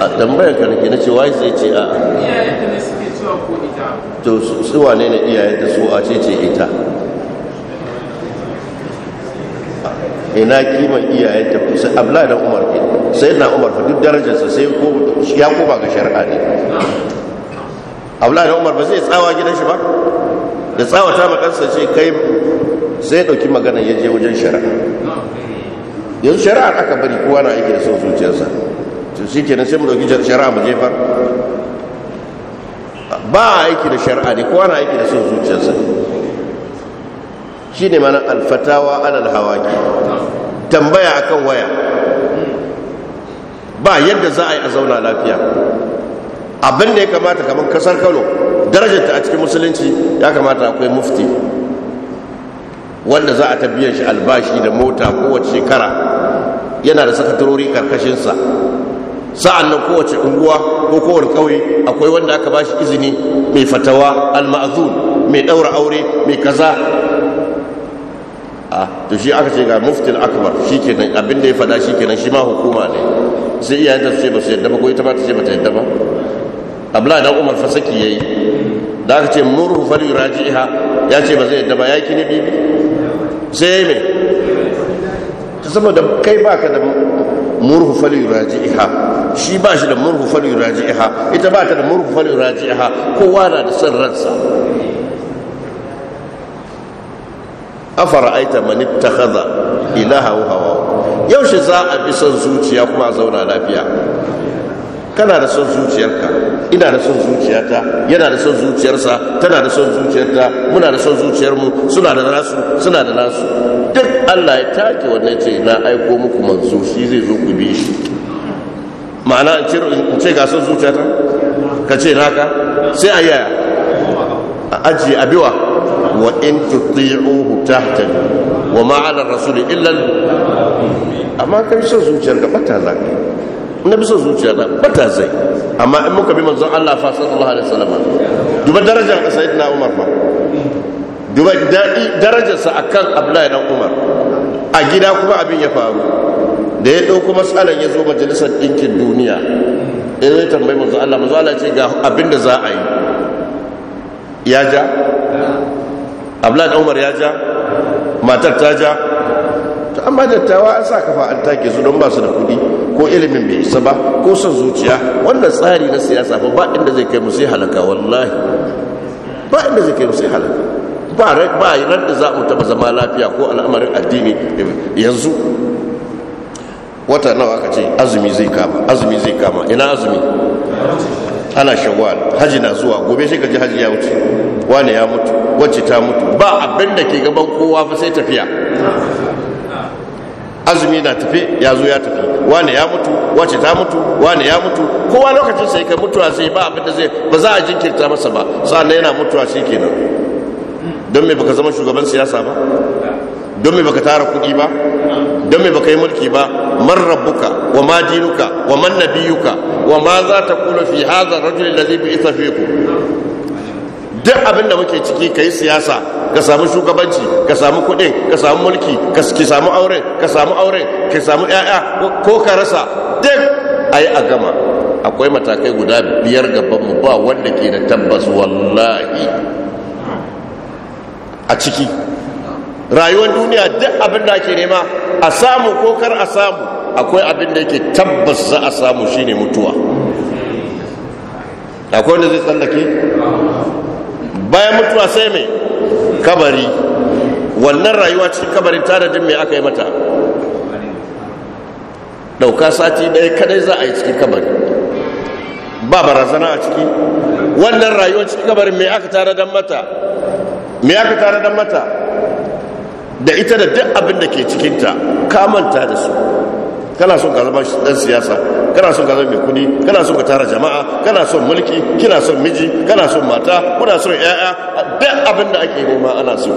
a tambayar karki na ce sai ce a ne to su wane iyayenta su a ce ce ita ina kiman iyayenta kusa abdullahi da umar ke sai na umar fa duk darajarsa sai ko ya koba ga shari'a ne abdullahi da umar ba zai tsawa gidan shi ba da tsawata ma ce kai sai dauki magana ya je wajen shari'a yanzu shari'ar aka bari kowa na aiki da son zuciyarsa to shi nan sai mu dauki shari'a mu jefar ba aiki da shari'a ne kowa na aiki da son zuciyarsa shi ne mana alfatawa alal ke tambaya akan waya ba yadda za a yi a zauna lafiya abin da ya kamata kamar kasar kano darajarta a cikin musulunci ya kamata akwai mufti wanda za a tabbiyar shi albashi da mota kowace shekara yana da sakatarori karkashinsa sa'an nan kowace unguwa ko kowane ƙauye akwai wanda aka ba shi izini mai fatawa al-ma'azun mai ɗaura aure mai kaza a ah, to shi aka ce ga muftin akbar shi kenan abin da ya fada shi kenan shi ma hukuma ne sai iyayen ta ce ba su yadda ba ko ita ma ta ce ba ta yadda ba abdullahi da umar fa saki yi da aka ce murhu fal yurajiha ya ce ba zai yadda ba ya ki ne bibi sai ya yi me saboda kai ka da murhu iha, shi ba shi da murhu iha, ita ba ka da murhu iha, kowa na da son ransa afara aita man ittakhadha ilaha hawa yau shi za a bi son zuciya kuma a zauna lafiya kana da son zuciyarka ina da son zuciyarta, yana da son zuciyarsa tana da son zuciyarta muna da son zuciyarmu suna da nasu suna da nasu duk Allah ya take wannan ce na aiko muku manzo shi zai zo ku bi shi ma'ana in ce ga son zuciyarta, ka ce naka sai a yaya a ajiye abiwa wa in tuti'uhu tahtadu wa ma'ala rasuli illa amma kai son zuciyarka bata zaka na bisa zuciya na bata zai amma in muka bi manzon Allah fa sallallahu alaihi wasallam duba darajar sayyidina Umar ba duba darajar sa akan Abdullahi dan Umar a gida kuma abin ya faru da ya dauko masalan ya zo majalisar dinkin duniya ya zai tambayi manzon Allah manzon Allah ce ga abin da za a yi ya ja Abdullahi dan Umar ya ja matar ta ja to amma dattawa an sa kafa an take su don ba su da kuɗi ko ilimin bai isa ba ko son zuciya wannan tsari na siyasa ba inda zai kai mu sai halaka wallahi ba inda zai kai mu sai halaka ba ba ran da za mu taba zama lafiya ko al'amarin addini yanzu wata nawa aka ce azumi zai kama azumi zai kama ina azumi ana shawwal haji na zuwa gobe shi ka ji haji ya wuce wani ya mutu wacce ta mutu ba abin da ke gaban kowa fa sai tafiya azumi na tafe ya zo ya tafi wane ya mutu wace ta mutu wane ya mutu kowa lokacin sai ka mutu a sai ba abin da zai ba za a jinkirta masa ba sa'an yana mutuwa shi kenan don me baka zama shugaban siyasa ba don me baka tara kuɗi ba don me baka yi mulki ba man rabbuka wa ma dinuka wa man nabiyuka wa ma za ta kula fi hadha rajul alladhi bi'itha ku duk abin da muke ciki kai siyasa ka samu shugabanci ka samu kuɗin ka samu mulki ka samu aure ka samu aure ka samu 'ya'ya ko ka rasa duk a yi a gama akwai matakai guda biyar gabanmu ba wanda ke da tabbas wallahi a ciki rayuwar duniya duk abin da ake nema a samu ko kar a samu akwai abin da yake tabbas za a samu shine mutuwa akwai wanda zai tsallake bayan mutuwa sai mai kabari wannan rayuwa cikin kabarin da mai aka yi mata dauka sati ɗaya kadai za a yi cikin kabari ba barazana a ciki wannan rayuwa cikin kabarin mai aka tanadin mata mai aka tanadin mata da ita da duk abin da ke cikinta kamanta da su kana son ka zama dan siyasa kana son ka zama mai kudi kana son ka tara jama'a kana son mulki kina son miji kana son mata kuna son yaya duk abin da ake nema ana so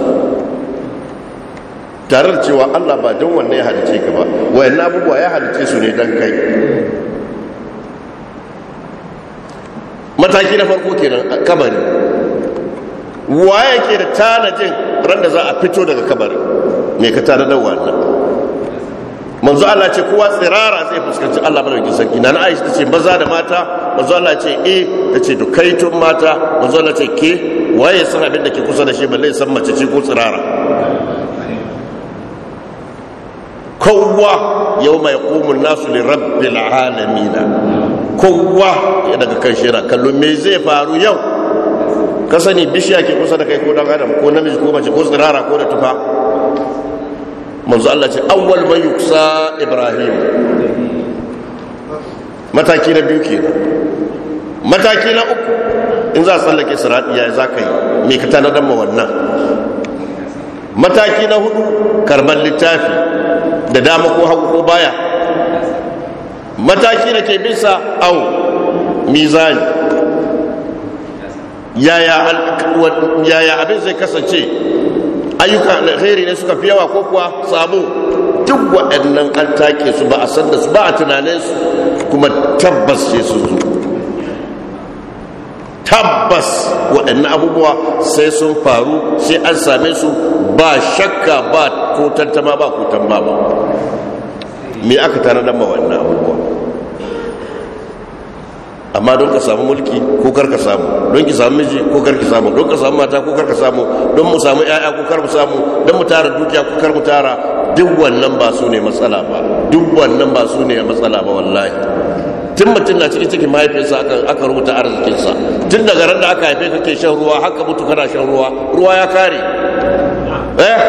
tare da cewa Allah ba don wannan ya halice ka ba na abubuwa ya halice su ne dan kai mataki na farko kenan kabari waye ke da tanajin ran da za a fito daga kabari me ka tanadar wannan manzo Allah ce kowa tsirara zai fuskanci Allah madaukakin sarki na na Aisha tace maza da mata manzo Allah ce eh tace dukaitun mata manzo Allah ce ke waye san abin da ke kusa da shi balle san mace ce ko tsirara kowa yawma yaqumu an-nasu li rabbil alamin kowa ya daga kan shira Kallon me zai faru yau ka sani bishiya ke kusa da kai ko dan adam ko namiji ko mace ko tsirara ko da tufa manzo Allah ce awwal man yuksa ibrahim mataki na biyu kenan mataki na uku in za a tsallake sirati ya za ka yi me ka tanadar ma wannan mataki na hudu karban littafi da dama ko hagu ko baya mataki na ke bisa au mizani yaya abin zai kasance ayyuka khairi ne suka fi yawa ko kuwa sabo duk waɗannan an take su ba a san da su ba a tunanin su kuma tabbas ce su zo tabbas waɗannan abubuwa sai sun faru sai an same su ba shakka ba ko tantama ba ko tamba ba me aka tare da ma wannan amma don ka samu mulki ko kar ka samu don ki samu miji ko kar ki samu don ka samu mata ko kar ka samu don mu samu yaya ko kar mu samu don mu tara dukiya ko kar mu tara duk wannan ba su ne matsala ba duk wannan ba su ne matsala ba wallahi tun mutum na cikin cikin mahaifinsa aka rubuta arzikinsa tun daga ran da aka haife kake shan ruwa haka mutu kana shan ruwa ruwa ya kare eh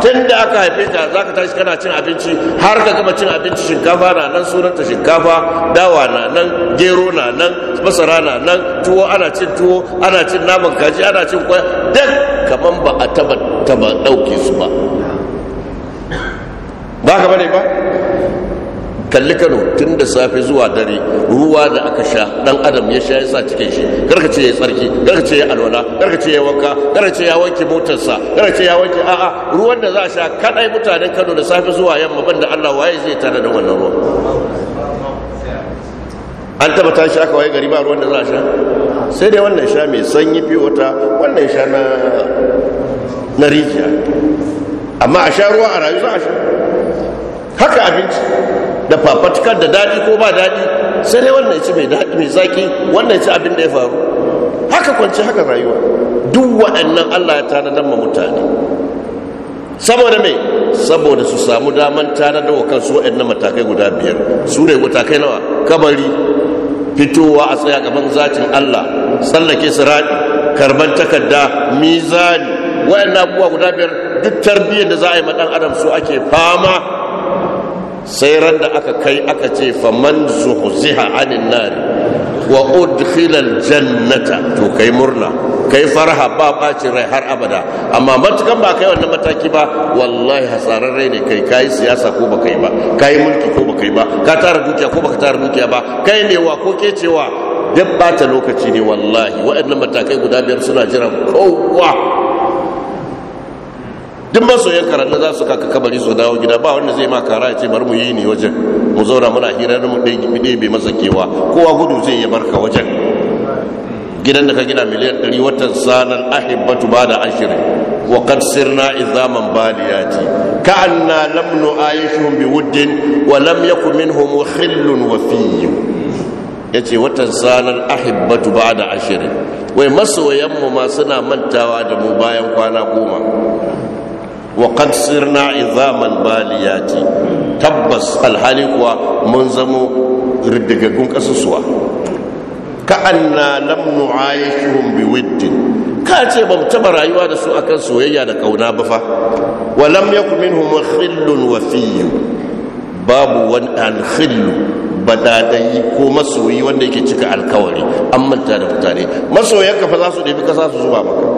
tun da aka haife ka za ka tashi kana cin abinci har ka gama cin abinci shinkafa na nan sunanta shinkafa dawa na nan gero na nan masara na nan tuwo ana cin tuwo ana cin naman kaji ana cin kwaya duk kamar ba a taba taba su ba ba ka bane ba kalli kano tun da safe zuwa dare ruwa da aka sha dan adam ya sha yasa cikin shi karka ce ya tsarki karka ce ya alwala karka ce ya wanka karka ce ya wanke motarsa karka ce ya wanke a'a ruwan da za a sha kadai mutanen kano da safe zuwa yamma banda Allah waye zai tana da wannan ruwan an taba tashi aka waye gari ba ruwan da za a sha sai dai wannan sha mai sanyi fi wata wannan sha na na rijiya amma a sha ruwa a rayu za a sha haka abinci da fafatukar da daɗi ko ba daɗi sai dai wannan ci mai daɗi mai zaki wannan ci abin da ya faru haka kwanci haka rayuwa duk waɗannan allah ya da ma mutane saboda mai saboda su samu daman da wa kansu waɗannan matakai guda biyar su ne matakai nawa kabari fitowa a tsaya gaban zatin allah tsallake sirati karban takarda mizani waɗannan abubuwa guda biyar duk tarbiyyar da za a yi ma adam su ake fama sai ran da aka kai aka ce faman zuhziha anin nari wa udkhilal jannata to kai murna kai faraha ba bacin rai har abada amma matukan ba kai wannan mataki ba wallahi hasarar rai ne kai kai siyasa ko ba kai ba kai mulki ko ba kai ba ka tara dukiya ko ba ka tara dukiya ba kai ne wa ko ke cewa duk ta lokaci ne wallahi waɗannan matakai guda biyar suna jiran kowa duk masoyan karanta za su kaka kabari su dawo gida ba wanda zai ma kara ya ce bari mu yi ne wajen mu zauna muna hirar mu ɗebe masa kewa kowa gudu zai ya barka wajen gidan da ka gina miliyan ɗari watan sanan ahibbatu ba da ashirin wa qad sirna izaman baliyati anna lam bi wuddin wa lam yakun minhum khillun wa ya yace watan sanar ahibbatu bada da ashirin wai mu ma suna mantawa da mu bayan kwana goma وقد صرنا عظاما باليات تبس الحالي كوا منزمو ردقكم كسسوا كأننا لم نعايشهم بود كاتي بمتبع رايوا دسو أكن سويا دكونا بفا ولم يكن منهم خل وفي باب وان الخل badadai ko masoyi wanda yake cika alkawari an manta da mutane masoyanka fa za su ɗebi kasa su zuba maka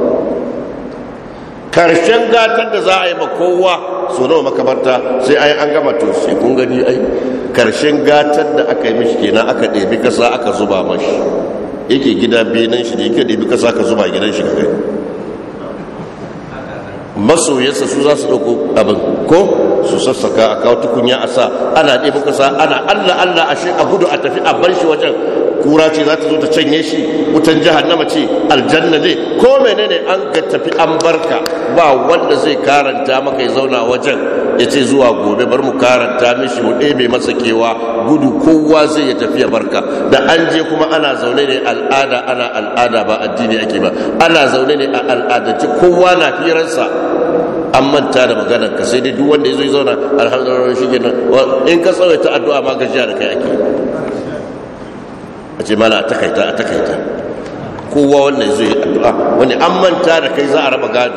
karshen gatan da za a yi ma kowa nawa makabarta sai ai an gama to sai kun gani ai karshen gatan da aka yi mishi kenan aka ɗebi kasa aka zuba mashi yake gida benin shi da yake ɗebi kasa aka zuba gidan shi kaga masoyarsa su za su ɗauko abin ko su sassaka a kawo tukunya a sa ana ɗebi kasa ana allah allah shi a gudu a tafi a bar shi wajen kura ce za ta zo ta canye shi wutan jahannama ce aljanna ne ko menene an ga tafi an barka ba wanda zai karanta maka ya zauna wajen ya ce zuwa gobe bar mu karanta mishi hudu mai masa kewa gudu kowa zai ya tafi ya barka da an je kuma ana zaune ne al'ada ana al'ada ba addini ake ba ana zaune ne a al'adance kowa na firansa an manta da maganar ka sai dai duk wanda ya zo ya zauna alhamdulillah shi kenan in ka tsawaita addu'a ma gajiya da kai ake a ce mana a takaita a takaita kowa wannan zai addu'a wani an manta da kai za a raba gado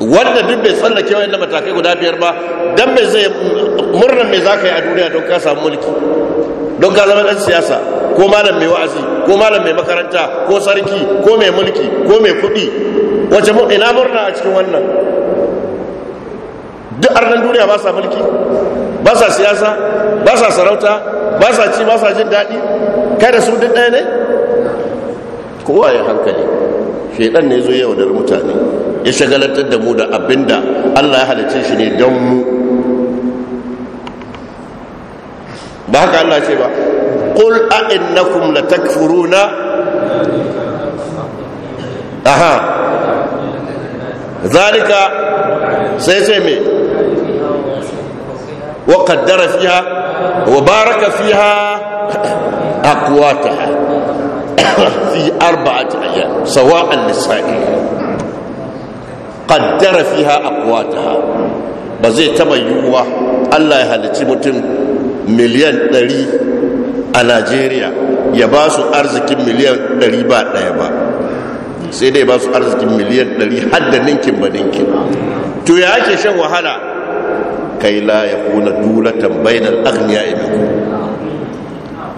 wanda duk bai tsallake wa yadda matakai guda biyar ba don mai zai murnan mai za ka yi a duniya don ka samu mulki don ka zama ɗan siyasa ko malam mai wa'azi ko malam mai makaranta ko sarki ko mai mulki ko mai kuɗi wace ina murna a cikin wannan duk arnan duniya ba sa mulki ba sa siyasa ba sa sarauta ba sa ci ba sa jin daɗi kai da su duk ɗaya ne kowa ya hankali shaidan ne zo yau da mutane ya shagalatar da mu da abin da allah ya halicce shi ne don mu ba haka allah ce ba قل aha zalika sai-sai mai وقدر فيها وبارك فيها أقواتها <coughs> في أربعة أيام سواء للسائل قدر فيها أقواتها بزي تبيوه الله يهلتي متم مليون دري a najeriya ya ba su arzikin miliyan 100 ba daya ba sai dai ba su arzikin miliyan 100 har da ninkin ba ninkin to ya ake shan wahala kai la ya kuna dulatan bainal aghniya ibku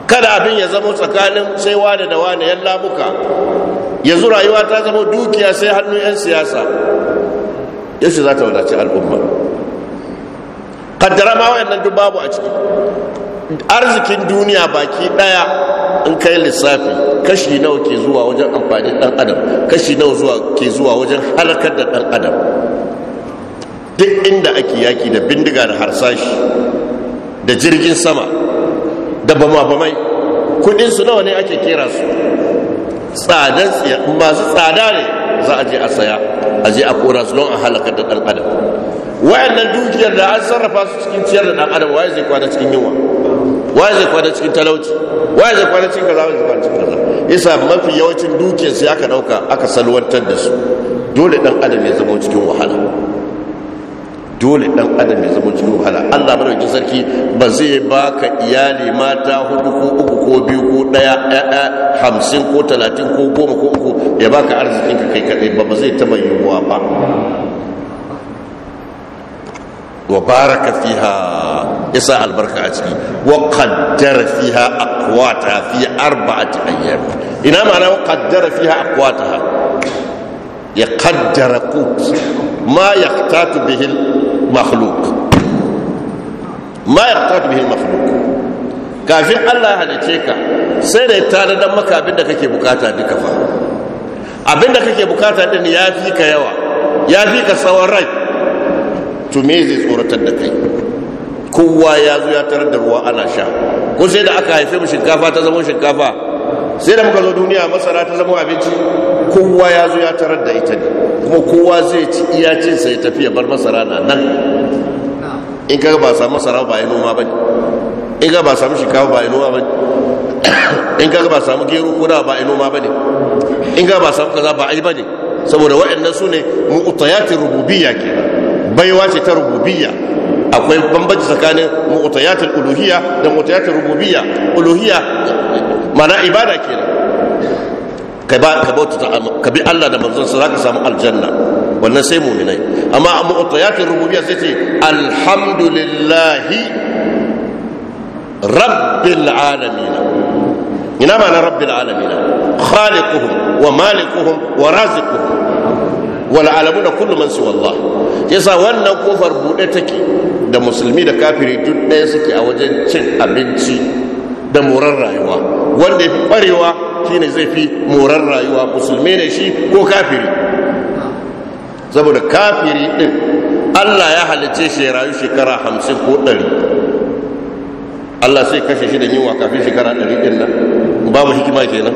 kada abin ya zama tsakanin sai wane da wane yan labuka yanzu rayuwa ta zama dukiya sai hannu yan siyasa yaushe za ta wadaci al'umma kaddara ma wayannan duk babu a ciki arzikin duniya baki daya in kai lissafi kashi nawa ke zuwa wajen amfanin dan adam kashi nawa ke zuwa wajen halakar da dan adam duk inda ake yaki da bindiga da harsashi da jirgin sama da bama kudin su nawa ne ake kera su tsadan masu tsada ne za a je a saya a je a kora su don a halakar da dan adam wayannan dukiyar da an sarrafa su cikin ciyar da dan adam waye zai kwana cikin yunwa waye zai kwana cikin talauci waye zai kwana cikin kaza waye zai kwana cikin kaza isa mafi yawancin dukiyar su aka dauka aka salwantar da su dole dan adam ya zama cikin wahala dole dan adam ya zama cikin wahala Allah madaukakin sarki ba zai baka iyali mata hudu ko uku ko biyu ko daya ɗaya hamsin ko talatin ko goma ko uku ya baka arzikin ka kai kaɗai ba ba zai taɓa yiwuwa ba wa baraka fiha yasa albarka a ciki wa qaddara fiha aqwata fi arba'ati ayyam ina ma'ana wa qaddara fiha aqwataha ya qaddara ku? ma yahtatu bihi makhluk ma yaqtatu bihi makhluk kafin Allah ya halice ka sai da tare maka abin da kake bukata duka fa abin da kake bukata din ya fi ka yawa ya fi ka tsawon rai to me zai tsoratar da kai kowa ya zo ya tarar da ruwa ana sha ko sai da aka haife mu shinkafa ta zama shinkafa sai da muka zo duniya masara ta zama abinci kowa ya zo ya tarar da ita ne kuma kowa zai ci iya cin sai tafi ya bar masara na nan in ka ba samu masara ba ya ma ba ne in ka ba samu shinkafa ba ya ma ba ne in ka ba samu gero ko da ba ya ma ba ne in ka ba samu kaza ba ai ba ne saboda waɗannan su ne mu'utayatin rububiyya ke baiwa ce ta rububiyya akwai bambanci tsakanin mu'utayatul uluhiyya da mu'utayatul rububiyya uluhiyya mana ibada kenan ka ka bi Allah da manzon sa zaka samu aljanna wannan sai mu'minai amma amma utayatin rububiyya sai ce alhamdulillahi rabbil alamin ina ma na rabbil alamin khaliquhum wa malikuhum wa raziquhum wal da kullu man siwa Allah yasa wannan kofar bude take da musulmi da kafiri duk ɗaya suke a wajen cin abinci da moran rayuwa wanda ya fi kwarewa shine zai fi morar rayuwa musulmi ne shi ko kafiri saboda kafiri din allah ya halice shi rayu shekara hamsin ko ɗari allah sai kashe shi da yunwa kafin shekara ɗari ɗin nan babu hikima kenan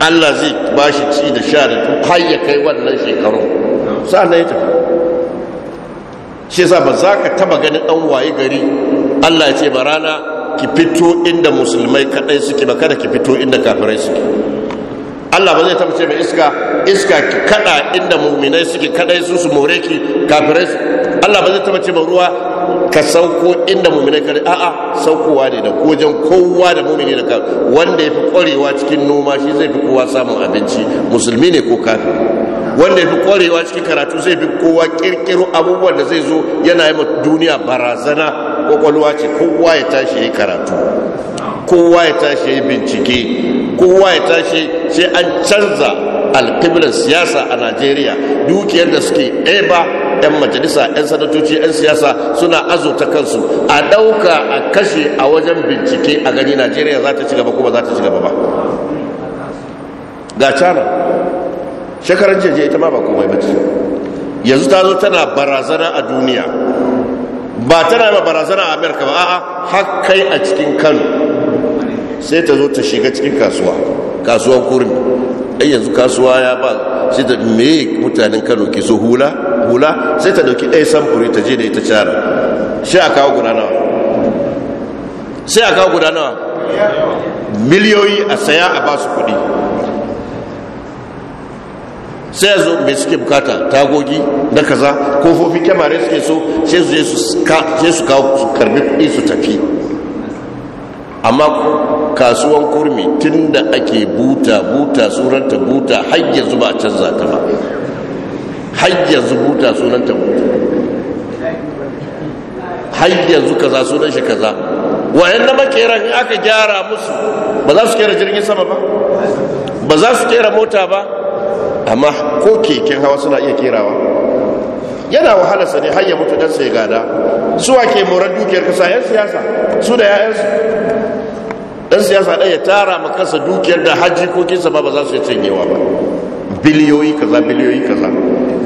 allah zai ba shi ci da sha da har ya kai wannan shekaru. sa'an ya tafi shi sa ba za ka taba ganin ɗan waye gari allah ya ce ba rana ki fito inda musulmai kadai suke ba kada ki fito inda kafirai suke Allah ba zai tabbace mai iska iska ki kada inda mu'minai suke kadai su su more ki kafirai Allah ba zai tabbace ba ruwa ka sauko inda mu'minai kadai a'a saukowa ne da kojan kowa da mu'mini da kafir wanda ya fi kwarewa cikin noma shi zai fi kowa samun abinci musulmi ne ko kafiri wanda ya fi kwarewa cikin karatu zai fi kowa kirkiro abubuwan da zai zo yana yi duniya barazana kwakwalwa ce kowa ya tashi ya karatu kowa ya tashi ya bincike kowa ya tashi sai an canza alkiblar siyasa a najeriya dukiyar da suke eba 'yan majalisa 'yan sanatoci 'yan siyasa suna azurta kansu a ɗauka a kashe a wajen bincike a gani najeriya za ta ci gaba kuma za ta ci gaba ba ga cana shekarar jeje ita ma ba komai ba ce yanzu ta zo tana barazana a duniya ba tana ma barazana a amerika ba a'a hakai a cikin kano sai ta zo ta shiga cikin kasuwa kasuwan kurmi ɗan yanzu kasuwa ya ba sai ta me mutanen kano ke so hula hula sai ta dauki ɗaya samfuri ta je da ita cara sai a kawo gudanawa. sai a kawo gudanawa. miliyoyi a saya a basu kuɗi sai ya zo mai suke bukata tagogi na kaza kofofi kyamare suke so sai su je su kawo su karbi kudi su tafi amma kasuwan kurmi tun da ake buta buta sunanta buta har yanzu ba a canza ta ba har yanzu buta sunanta buta har yanzu kaza sunan shi kaza wayan na makeran in aka gyara musu ba za su kera jirgin sama ba ba za su kera mota ba amma ko keken hawa suna iya kerawa yana wahalarsa ne har ya mutu dan sai gada suwa ke moran dukiyar kasa yan siyasa su da yayansu ɗan siyasa ɗaya ya tara ma dukiyar da hajji ko kinsa ba ba za su iya cinyewa ba biliyoyi kaza biliyoyi kaza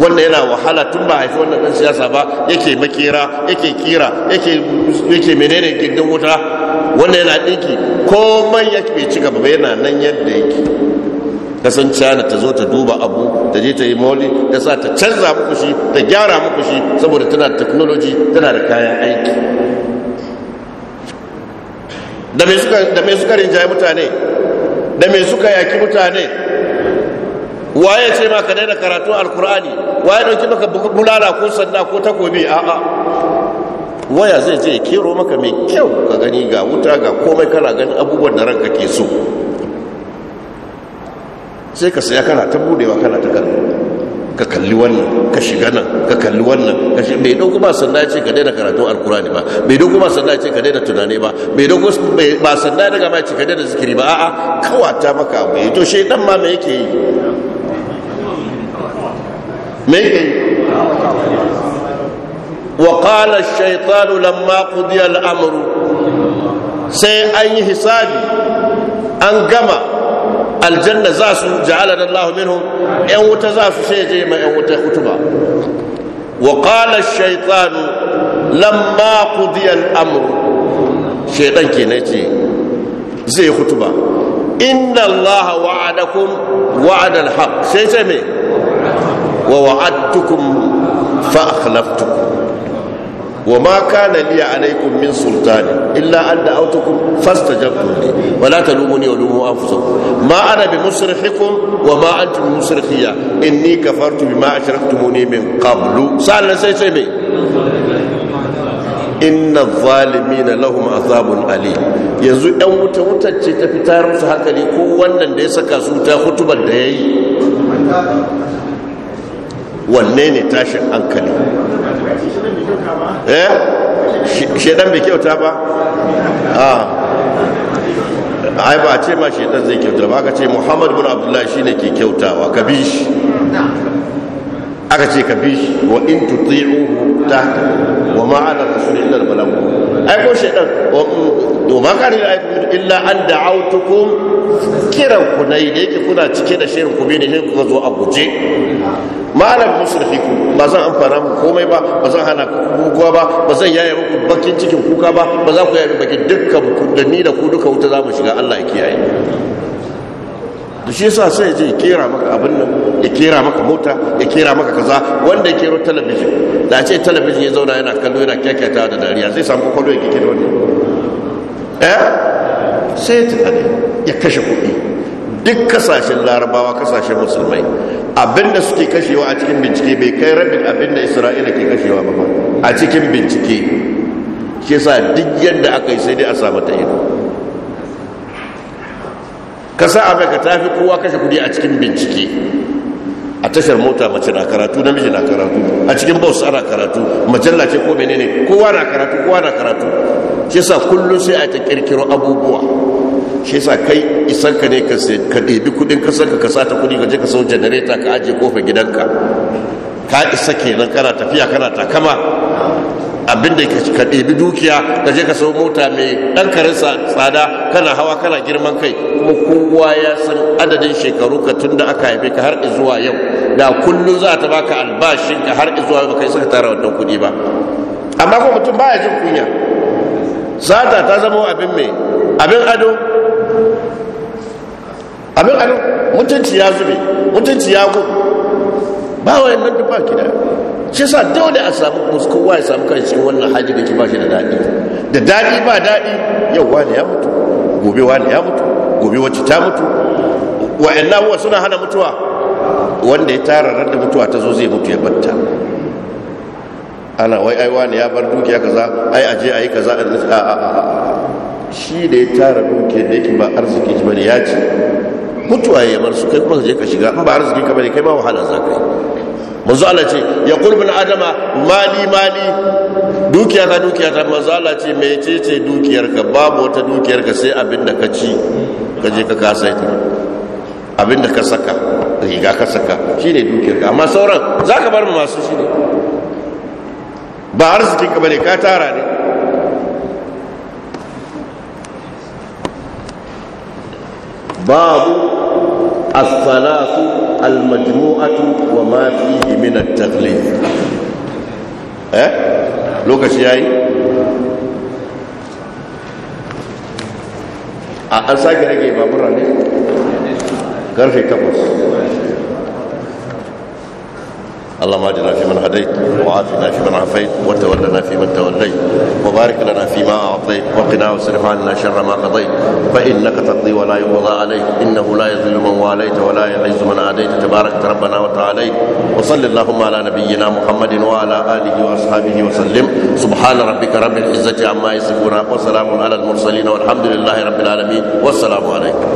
wannan yana wahala tun ba haifi wannan ɗan siyasa ba yake makera yake kira yake menene gindin wuta wannan yana ko komai yake ci gaba yana nan yadda yake kasan cana ta zo ta duba abu ta je ta yi moli ta sa ta canza muku shi ta gyara muku shi saboda tana da technology tana da kayan aiki da mai suka rinjaye mutane da mai suka yaki mutane waye ce ma ka daina karatu alkur'ani waye dauki maka bulala ko sanda ko takobi a'a waya zai je kero maka mai kyau ka gani ga wuta ga komai kana ganin abubuwan da ranka ke so sai ka saya kana ta budewa kana ta kalli ka kalli wannan ka shiga nan ka kalli wannan ka shi bai dauko ba sanda ce ka daina karatun alkurani ba bai dauko ba sanda ce ka daina tunani ba bai dauko ba sanda daga ma ce ka daina zikiri ba a'a kawata maka abu ya to shaidan ma me yake yi me yake yi ash-shaytanu lamma qudiya al-amru sai an yi hisabi an gama aljanna za su ja'alana Allah minhum yan wuta za su sai je ma yan wuta kutuba wa qala ash-shaytan lamma qudiya al-amr shaytan kenan ce zai ba. inna Allah wa'adakum wa'ad al-haq sai ce me wa wa'adtukum fa akhlaftukum wa ma kana liya sultani illa an da'awtukum fastajabtum li wa la talumuni wa lumu anfusakum ma ana bi musrifikum wa ma antum musrifiya inni kafartu bima ashraktumuni min qablu sallan sai sai me inna zalimina lahum azabun ali yanzu ɗan wuta wutar ce ta fitar musu hankali ko wannan da ya saka su ta hutubar da ya yi wanne ne tashin hankali eh shedan bai kyauta ba a ah. ai ba ce ma shedan zai kyauta ba aka ce muhammad bin abdullahi shine ke kyautawa ka bi shi aka ce ka bi shi wa in tuti'uhu ta wa ma'ana ala balagh ai ko shedan mm, to ma kare da aiku illa an da da'autukum kiran ku yi, da yake kuna cike da shirin ku ne shirin ku zo a guje malam ku ba zan amfana mu komai ba ba zan hana kuka ba ba zan yaya muku bakin cikin kuka ba ba za ku yaya bakin dukkan ku da ni da ku duka wuta za mu shiga Allah ya kiyaye da shi yasa sai je kera maka abin nan ya kera maka mota ya kera maka kaza wanda ya kero talabijin da a ce talabijin ya zauna yana kallo yana kyakkyata da dariya zai samu kwakwalwa ya kike da wani Eh? sai ya tunani ya kashe kuɗi duk kasashen larabawa kasashen musulmai abinda suke kashewa a cikin bincike bai kai rabin abinda isra'ila ke kashewa ba a cikin bincike ke sa duk yadda aka yi sai dai a samu ta ido kasa amurka ta fi kowa kashe kuɗi a cikin bincike a tashar mota mace na karatu namiji na karatu a cikin bus ana karatu majalla ce ko menene kowa na karatu kowa na karatu shi sa kullum sai a ta kirkiro abubuwa shi sa kai isan ka ne ka ɗebi kudin kasar ka kasa ta kudi ka je ka sau janareta ka ajiye kofar gidanka ka isa kenan kana tafiya kana takama abinda ka ɗebi dukiya ka je ka sau mota mai ɗan karin tsada kana hawa kana girman kai kuma kowa ya san adadin shekaru ka tun da aka haife ka har zuwa yau da kullum za ta baka albashin ka har zuwa yau ka isa ka tara wannan kuɗi ba amma kuma mutum baya jin kunya sata ta zama abin mai abin ado abin ado mutunci ya zube mutunci ya gudu ba wa yin duk ba da shi sa dole a samu kowa ya samu kan cikin wannan hali da ki ba shi da daɗi da daɗi ba daɗi yau wani ya mutu gobe wani ya mutu gobe wacce ta mutu wa'annan suna hana mutuwa wanda ya tara ran da mutuwa ta zo zai mutu ya banta ana wai aiwa ne ya bar dukiya kaza ai aje ayi kaza a a a shi da ya tara dukiyar da yake ba arziki ba ne ya ce mutuwa ya bar su kai kuma je ka shiga in ba arziki ka bane kai ma wahala za ka yi manzo Allah ce ya qurbin adama mali mali dukiya ta dukiya ta manzo Allah ce ce dukiyar ka babu wata dukiyar ka sai abin da ka ci ka je ka kasa ita abin da ka saka riga ka saka shine dukiyar ka amma sauran zaka bar mu masu shine ba arzikin ka bane ka tara ne babu as-salatu al-majmu'atu wa ma fihi min at-taqlid eh lokaci yayi a an sake rage babura ne karfe 8 اللهم اجعلنا في من هديت وعافنا في من عافيت وتولنا في من توليت وبارك لنا فيما اعطيت وقنا واصرف عنا شر ما قضيت فانك تقضي ولا يقضى عليك انه لا يذل من واليت ولا يعز من عاديت تبارك ربنا وتعالى وصل اللهم على نبينا محمد وعلى اله واصحابه وسلم سبحان ربك رب العزه عما يصفون وسلام على المرسلين والحمد لله رب العالمين والسلام عليكم